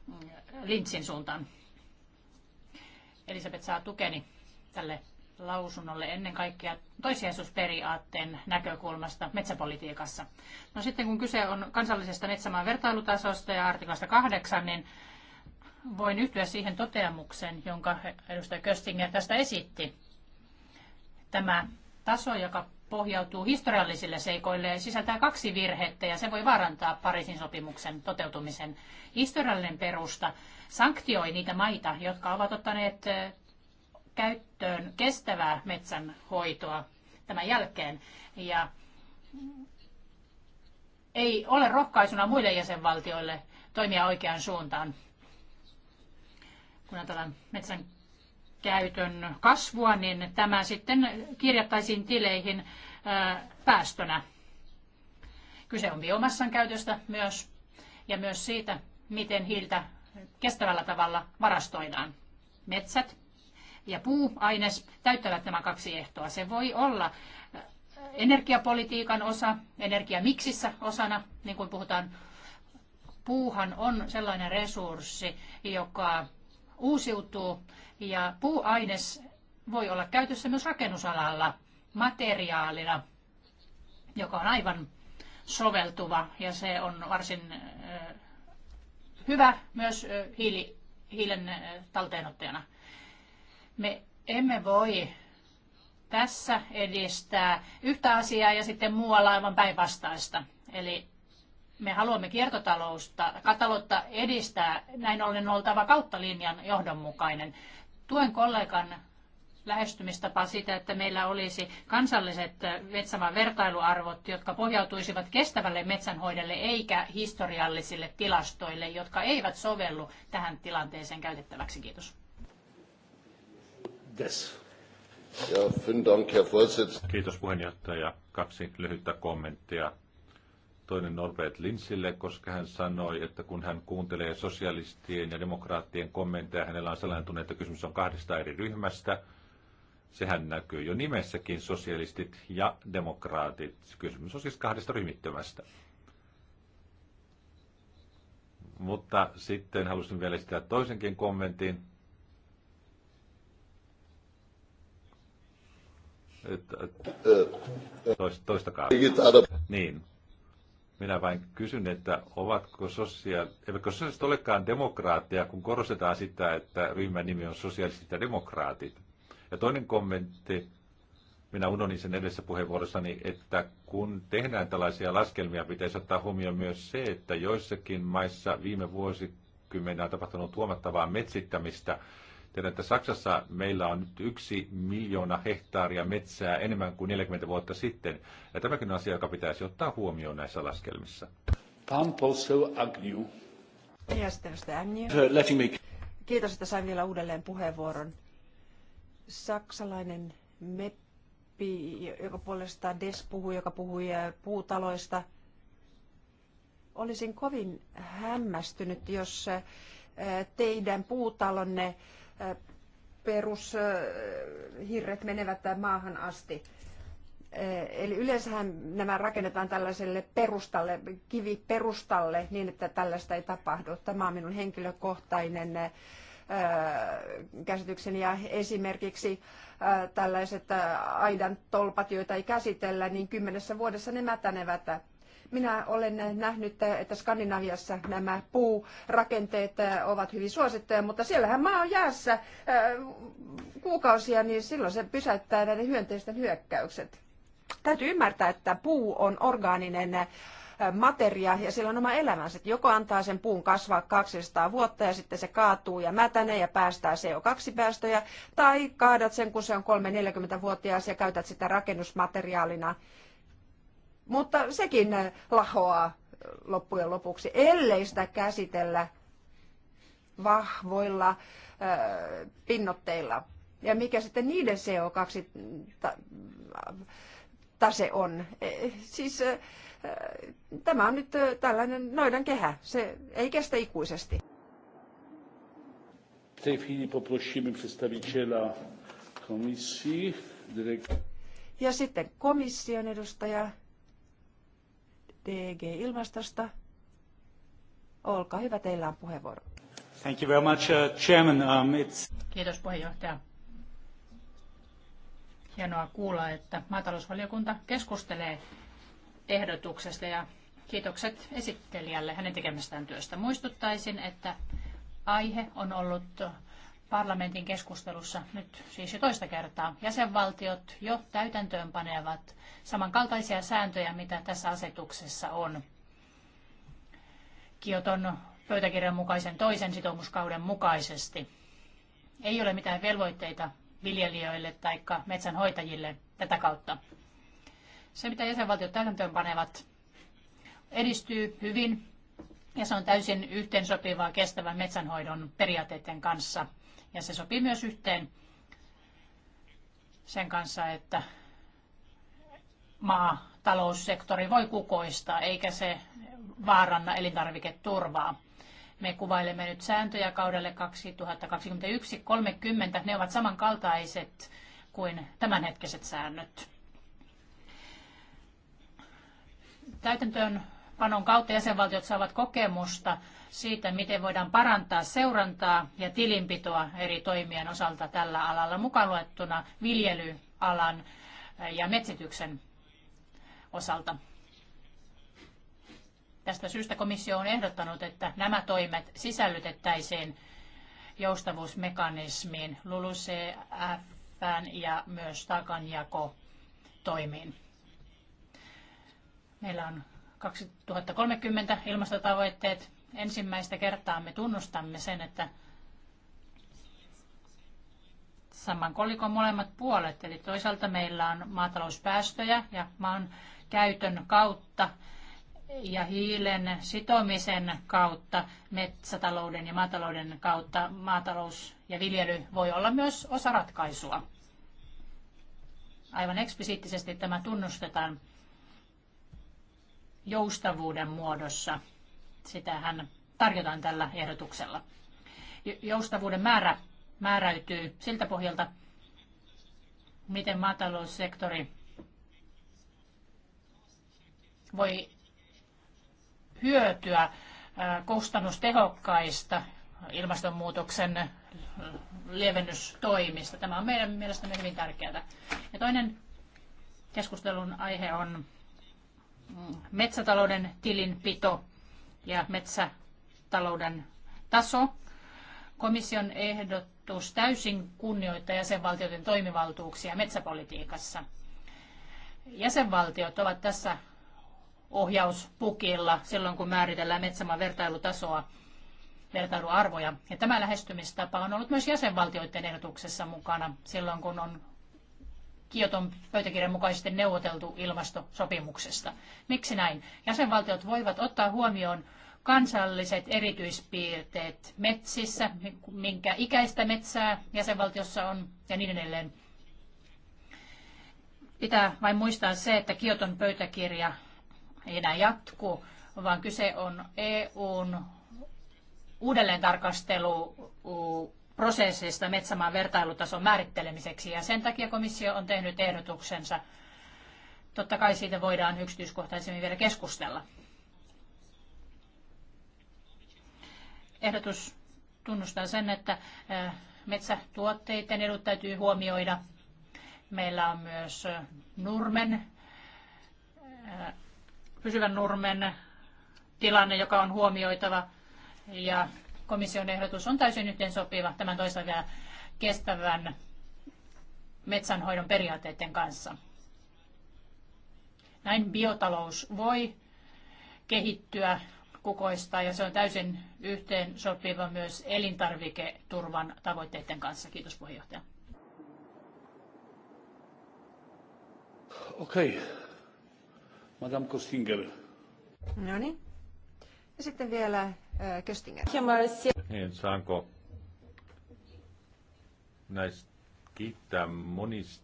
mm, Lintsin suuntaan. Elisabeth saa tukeni tälle lausunnolle ennen kaikkea toissijaisuusperiaatteen näkökulmasta metsäpolitiikassa. No sitten kun kyse on kansallisesta metsämaan vertailutasosta ja artiklasta 8, niin voin yhtyä siihen toteamukseen, jonka edustaja Köstinger tästä esitti. Tämä taso, joka pohjautuu historiallisille seikoille ja sisältää kaksi virhettä ja se voi vaarantaa Pariisin sopimuksen toteutumisen. Historiallinen perusta sanktioi niitä maita, jotka ovat ottaneet käyttöön kestävää metsänhoitoa tämän jälkeen. Ja ei ole rohkaisuna muille jäsenvaltioille toimia oikeaan suuntaan, kun ajatellaan metsän käytön kasvua, niin tämä sitten kirjattaisiin tileihin äh, päästönä. Kyse on biomassan käytöstä myös ja myös siitä, miten hiiltä kestävällä tavalla varastoidaan. Metsät ja puuaines täyttävät nämä kaksi ehtoa. Se voi olla äh, energiapolitiikan osa, energiamiksissä osana, niin kuin puhutaan. Puuhan on sellainen resurssi, joka uusiutuu ja puuaines voi olla käytössä myös rakennusalalla materiaalina, joka on aivan soveltuva ja se on varsin hyvä myös hiili, hiilen talteenottajana. Me emme voi tässä edistää yhtä asiaa ja sitten muualla aivan päinvastaista. Eli me haluamme kiertotaloutta, kataloutta edistää, näin ollen oltava kautta linjan johdonmukainen. Tuen kollegan lähestymistapaa sitä, että meillä olisi kansalliset metsämaan vertailuarvot, jotka pohjautuisivat kestävälle metsänhoidolle eikä historiallisille tilastoille, jotka eivät sovellu tähän tilanteeseen käytettäväksi. Kiitos. Des. Ja, Dank, Herr Kiitos puheenjohtaja. Kaksi lyhyttä kommenttia toinen Norbert Linsille, koska hän sanoi, että kun hän kuuntelee sosialistien ja demokraattien kommentteja, hänellä on sellainen tunne, että kysymys on kahdesta eri ryhmästä. Sehän näkyy jo nimessäkin, sosialistit ja demokraatit. Kysymys on siis kahdesta ryhmittymästä. Mutta sitten halusin vielä esittää toisenkin kommentin. Toistakaa. Niin, minä vain kysyn, että ovatko sosiaali- eivätkö sosiaaliset olekaan demokraatteja, kun korostetaan sitä, että ryhmän nimi on sosiaaliset ja demokraatit. Ja toinen kommentti, minä unonin sen edessä puheenvuorossani, että kun tehdään tällaisia laskelmia, pitäisi ottaa huomioon myös se, että joissakin maissa viime vuosikymmenellä on tapahtunut huomattavaa metsittämistä, Tiedän, että Saksassa meillä on nyt yksi miljoona hehtaaria metsää enemmän kuin 40 vuotta sitten. Ja tämäkin on asia, joka pitäisi ottaa huomioon näissä laskelmissa. Agnew. Letting me... Kiitos, että sain vielä uudelleen puheenvuoron. Saksalainen meppi, joka puolestaan Des puhui, joka puhui äh, puutaloista. Olisin kovin hämmästynyt, jos äh, teidän puutalonne perushirret menevät maahan asti. Eli yleensähän nämä rakennetaan tällaiselle perustalle, kiviperustalle, niin että tällaista ei tapahdu. Tämä on minun henkilökohtainen äh, käsitykseni ja esimerkiksi äh, tällaiset äh, aidan tolpat, joita ei käsitellä, niin kymmenessä vuodessa ne mätänevät minä olen nähnyt, että Skandinaviassa nämä puurakenteet ovat hyvin suosittuja, mutta siellähän maa on jäässä äh, kuukausia, niin silloin se pysäyttää näiden hyönteisten hyökkäykset. Täytyy ymmärtää, että puu on orgaaninen äh, materia ja sillä on oma elämänsä. Että joko antaa sen puun kasvaa 200 vuotta ja sitten se kaatuu ja mätänee ja päästää CO2-päästöjä, tai kaadat sen, kun se on 3-40-vuotias ja käytät sitä rakennusmateriaalina mutta sekin äh, lahoaa äh, loppujen lopuksi, ellei sitä käsitellä vahvoilla äh, pinnotteilla. Ja mikä sitten niiden CO2-tase on. E, siis tämä on nyt tällainen noidan kehä. Se ei kestä ikuisesti. Ja sitten komission edustaja DG Ilmastosta. Olkaa hyvä, teillä on puheenvuoro. Thank you very much, uh, Chairman. Um, it's... Kiitos puheenjohtaja. Hienoa kuulla, että maatalousvaliokunta keskustelee ehdotuksesta ja kiitokset esittelijälle hänen tekemästään työstä. Muistuttaisin, että aihe on ollut parlamentin keskustelussa nyt siis jo toista kertaa. Jäsenvaltiot jo täytäntöönpanevat samankaltaisia sääntöjä, mitä tässä asetuksessa on. Kioton pöytäkirjan mukaisen toisen sitoumuskauden mukaisesti. Ei ole mitään velvoitteita viljelijöille tai metsänhoitajille tätä kautta. Se, mitä jäsenvaltiot täytäntöönpanevat, edistyy hyvin ja se on täysin yhteensopivaa kestävän metsänhoidon periaatteiden kanssa – ja se sopii myös yhteen sen kanssa, että maataloussektori voi kukoistaa, eikä se vaaranna elintarviketurvaa. Me kuvailemme nyt sääntöjä kaudelle 2021-30. Ne ovat samankaltaiset kuin tämänhetkiset säännöt. Täytäntöön toimeenpanon kautta jäsenvaltiot saavat kokemusta siitä, miten voidaan parantaa seurantaa ja tilinpitoa eri toimien osalta tällä alalla, mukaan luettuna viljelyalan eh, ja metsityksen osalta. Tästä syystä komissio on ehdottanut, että nämä toimet sisällytettäisiin joustavuusmekanismiin LULUCF ja myös taakanjakotoimiin. Meillä on 2030 ilmastotavoitteet. Ensimmäistä kertaa me tunnustamme sen, että saman kolikon molemmat puolet. Eli toisaalta meillä on maatalouspäästöjä ja maan käytön kautta ja hiilen sitomisen kautta, metsätalouden ja maatalouden kautta maatalous ja viljely voi olla myös osa ratkaisua. Aivan eksplisiittisesti tämä tunnustetaan joustavuuden muodossa. Sitähän tarjotaan tällä ehdotuksella. Joustavuuden määrä määräytyy siltä pohjalta, miten maataloussektori voi hyötyä kustannustehokkaista ilmastonmuutoksen lievennystoimista. Tämä on meidän mielestämme hyvin tärkeää. Ja toinen keskustelun aihe on metsätalouden tilinpito ja metsätalouden taso. Komission ehdotus täysin kunnioittaa jäsenvaltioiden toimivaltuuksia metsäpolitiikassa. Jäsenvaltiot ovat tässä ohjauspukilla silloin, kun määritellään metsämaan vertailutasoa, vertailuarvoja. Ja tämä lähestymistapa on ollut myös jäsenvaltioiden ehdotuksessa mukana silloin, kun on Kioton pöytäkirjan mukaisesti neuvoteltu ilmastosopimuksesta. Miksi näin? Jäsenvaltiot voivat ottaa huomioon kansalliset erityispiirteet metsissä, minkä ikäistä metsää jäsenvaltiossa on ja niin edelleen. Pitää vain muistaa se, että Kioton pöytäkirja ei enää jatku, vaan kyse on EUn uudelleen tarkastelu prosessista metsämaan vertailutason määrittelemiseksi ja sen takia komissio on tehnyt ehdotuksensa. Totta kai siitä voidaan yksityiskohtaisemmin vielä keskustella. Ehdotus tunnustaa sen, että metsätuotteiden edut täytyy huomioida. Meillä on myös nurmen, pysyvän nurmen tilanne, joka on huomioitava ja komission ehdotus on täysin yhteensopiva tämän toisaalta kestävän metsänhoidon periaatteiden kanssa. Näin biotalous voi kehittyä, kukoistaa ja se on täysin yhteen sopiva myös elintarviketurvan tavoitteiden kanssa. Kiitos puheenjohtaja. Okei. Okay. Madame Kostinger. No niin. Ja sitten vielä Köstinger. Niin, saanko näistä kiittää monista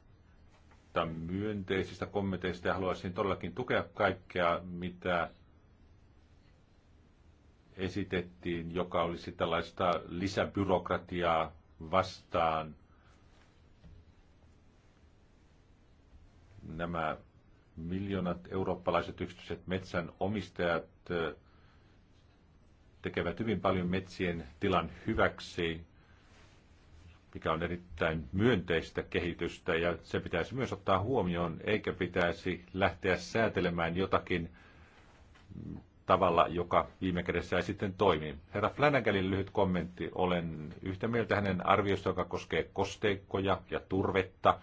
myönteisistä kommenteista ja haluaisin todellakin tukea kaikkea, mitä esitettiin, joka olisi tällaista lisäbyrokratiaa vastaan. Nämä miljoonat eurooppalaiset yksityiset metsänomistajat tekevät hyvin paljon metsien tilan hyväksi, mikä on erittäin myönteistä kehitystä ja se pitäisi myös ottaa huomioon, eikä pitäisi lähteä säätelemään jotakin tavalla, joka viime kädessä ei sitten toimi. Herra Flanagalin lyhyt kommentti. Olen yhtä mieltä hänen arviosta, joka koskee kosteikkoja ja turvetta.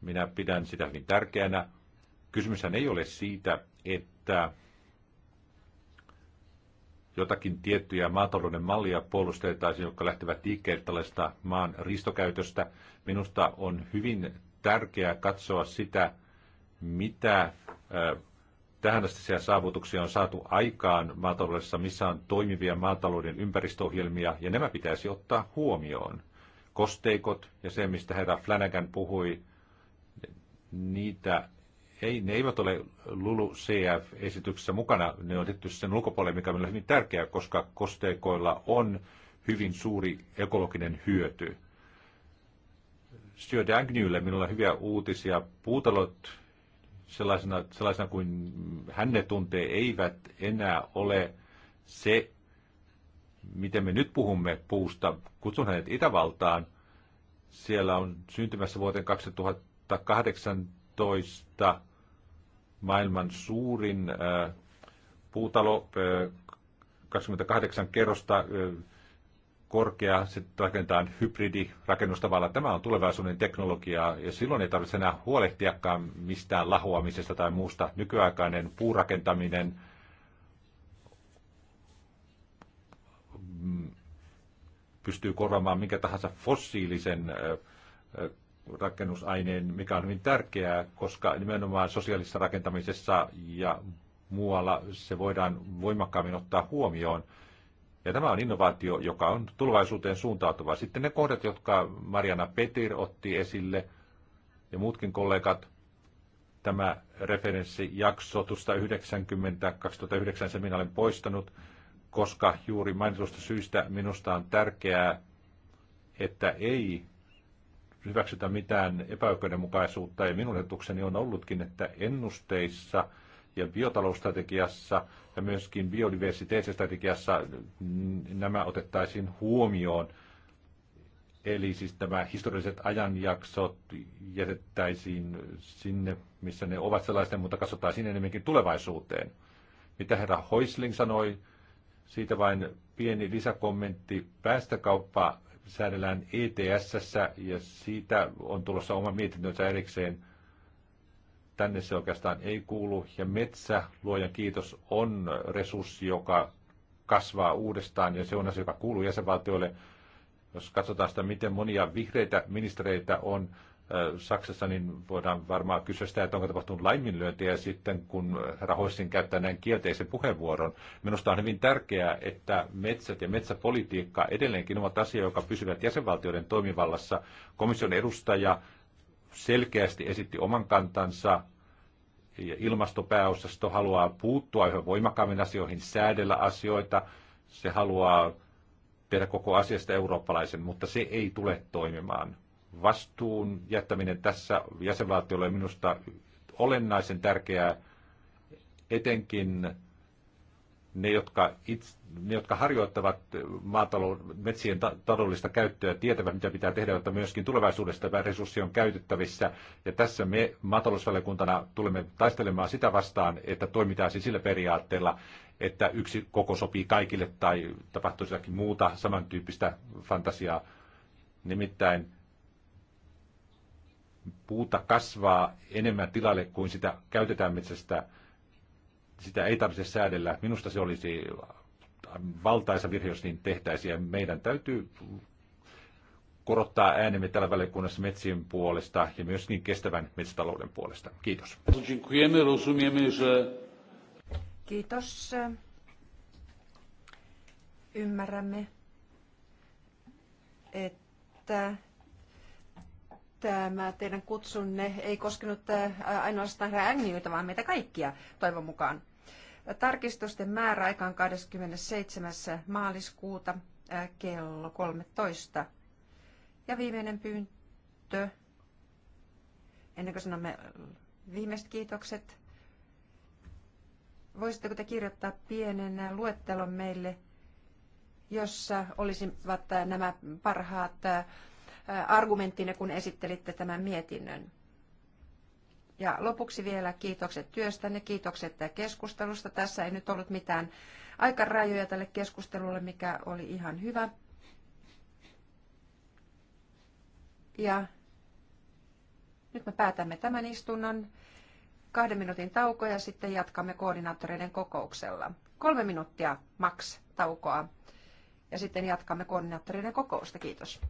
Minä pidän sitä hyvin tärkeänä. Kysymyshän ei ole siitä, että jotakin tiettyjä maatalouden mallia puolustettaisiin, jotka lähtevät liikkeelle tällaista maan ristokäytöstä. Minusta on hyvin tärkeää katsoa sitä, mitä tähän asti saavutuksia on saatu aikaan maataloudessa, missä on toimivia maatalouden ympäristöohjelmia, ja nämä pitäisi ottaa huomioon. Kosteikot ja se, mistä herra Flanagan puhui, niitä ei, ne eivät ole LULU-CF-esityksessä mukana. Ne on tietysti sen ulkopuolelle, mikä on hyvin tärkeää, koska kosteikoilla on hyvin suuri ekologinen hyöty. Stuart Agnewlle minulla on hyviä uutisia. Puutalot sellaisena, sellaisena kuin hän ne tuntee, eivät enää ole se, miten me nyt puhumme puusta. Kutsun hänet Itävaltaan. Siellä on syntymässä vuoteen 2018 maailman suurin äh, puutalo, 28 äh, kerrosta äh, korkea, sitten rakennetaan hybridirakennustavalla. Tämä on tulevaisuuden teknologiaa ja silloin ei tarvitse enää huolehtiakaan mistään lahoamisesta tai muusta. Nykyaikainen puurakentaminen mm, pystyy korvaamaan minkä tahansa fossiilisen rakennusaineen, mikä on hyvin tärkeää, koska nimenomaan sosiaalisessa rakentamisessa ja muualla se voidaan voimakkaammin ottaa huomioon. Ja tämä on innovaatio, joka on tulevaisuuteen suuntautuva. Sitten ne kohdat, jotka Mariana Petir otti esille ja muutkin kollegat, tämä referenssijakso 90-2009, sen minä olen poistanut, koska juuri mainitusta syystä minusta on tärkeää, että ei hyväksytä mitään epäoikeudenmukaisuutta. Ja minun etukseni on ollutkin, että ennusteissa ja biotalousstrategiassa ja myöskin biodiversiteettistrategiassa mm, nämä otettaisiin huomioon. Eli siis nämä historialliset ajanjaksot jätettäisiin sinne, missä ne ovat sellaisten, mutta katsotaan sinne enemmänkin tulevaisuuteen. Mitä herra Hoisling sanoi, siitä vain pieni lisäkommentti. Päästökauppa säädellään ets ja siitä on tulossa oma mietintönsä erikseen. Tänne se oikeastaan ei kuulu. Ja metsä, luojan kiitos, on resurssi, joka kasvaa uudestaan ja se on asia, joka kuuluu jäsenvaltioille. Jos katsotaan sitä, miten monia vihreitä ministereitä on, Saksassa, niin voidaan varmaan kysyä sitä, että onko tapahtunut laiminlyöntiä sitten, kun rahoissin käyttää näin kielteisen puheenvuoron. Minusta on hyvin tärkeää, että metsät ja metsäpolitiikka edelleenkin ovat asia, joka pysyvät jäsenvaltioiden toimivallassa. Komission edustaja selkeästi esitti oman kantansa ja ilmastopääosasto haluaa puuttua yhä voimakkaammin asioihin, säädellä asioita. Se haluaa tehdä koko asiasta eurooppalaisen, mutta se ei tule toimimaan vastuun jättäminen tässä jäsenvaltiolle on minusta olennaisen tärkeää, etenkin ne, jotka, itse, ne, jotka harjoittavat maatalou- metsien taloudellista käyttöä, tietävät, mitä pitää tehdä, jotta myöskin tulevaisuudessa tämä resurssi on käytettävissä. Ja tässä me maatalousvaliokuntana tulemme taistelemaan sitä vastaan, että toimitaan siis sillä periaatteella, että yksi koko sopii kaikille tai tapahtuisi jotakin muuta samantyyppistä fantasiaa. Nimittäin puuta kasvaa enemmän tilalle kuin sitä käytetään metsästä, sitä ei tarvitse säädellä. Minusta se olisi valtaisa virhe, jos niin tehtäisiin. Ja meidän täytyy korottaa äänemme tällä välikunnassa metsien puolesta ja myöskin kestävän metsätalouden puolesta. Kiitos. Kiitos. Ymmärrämme, että tämä teidän kutsunne ei koskenut ainoastaan ängiöitä, vaan meitä kaikkia, toivon mukaan. Tarkistusten määrä aika on 27. maaliskuuta kello 13. Ja viimeinen pyyntö, ennen kuin sanomme viimeiset kiitokset, voisitteko te kirjoittaa pienen luettelon meille, jossa olisivat nämä parhaat argumenttinne, kun esittelitte tämän mietinnön. Ja lopuksi vielä kiitokset työstänne, kiitokset keskustelusta. Tässä ei nyt ollut mitään aikarajoja tälle keskustelulle, mikä oli ihan hyvä. Ja nyt me päätämme tämän istunnon kahden minuutin tauko ja sitten jatkamme koordinaattoreiden kokouksella. Kolme minuuttia maks taukoa ja sitten jatkamme koordinaattoreiden kokousta. Kiitos.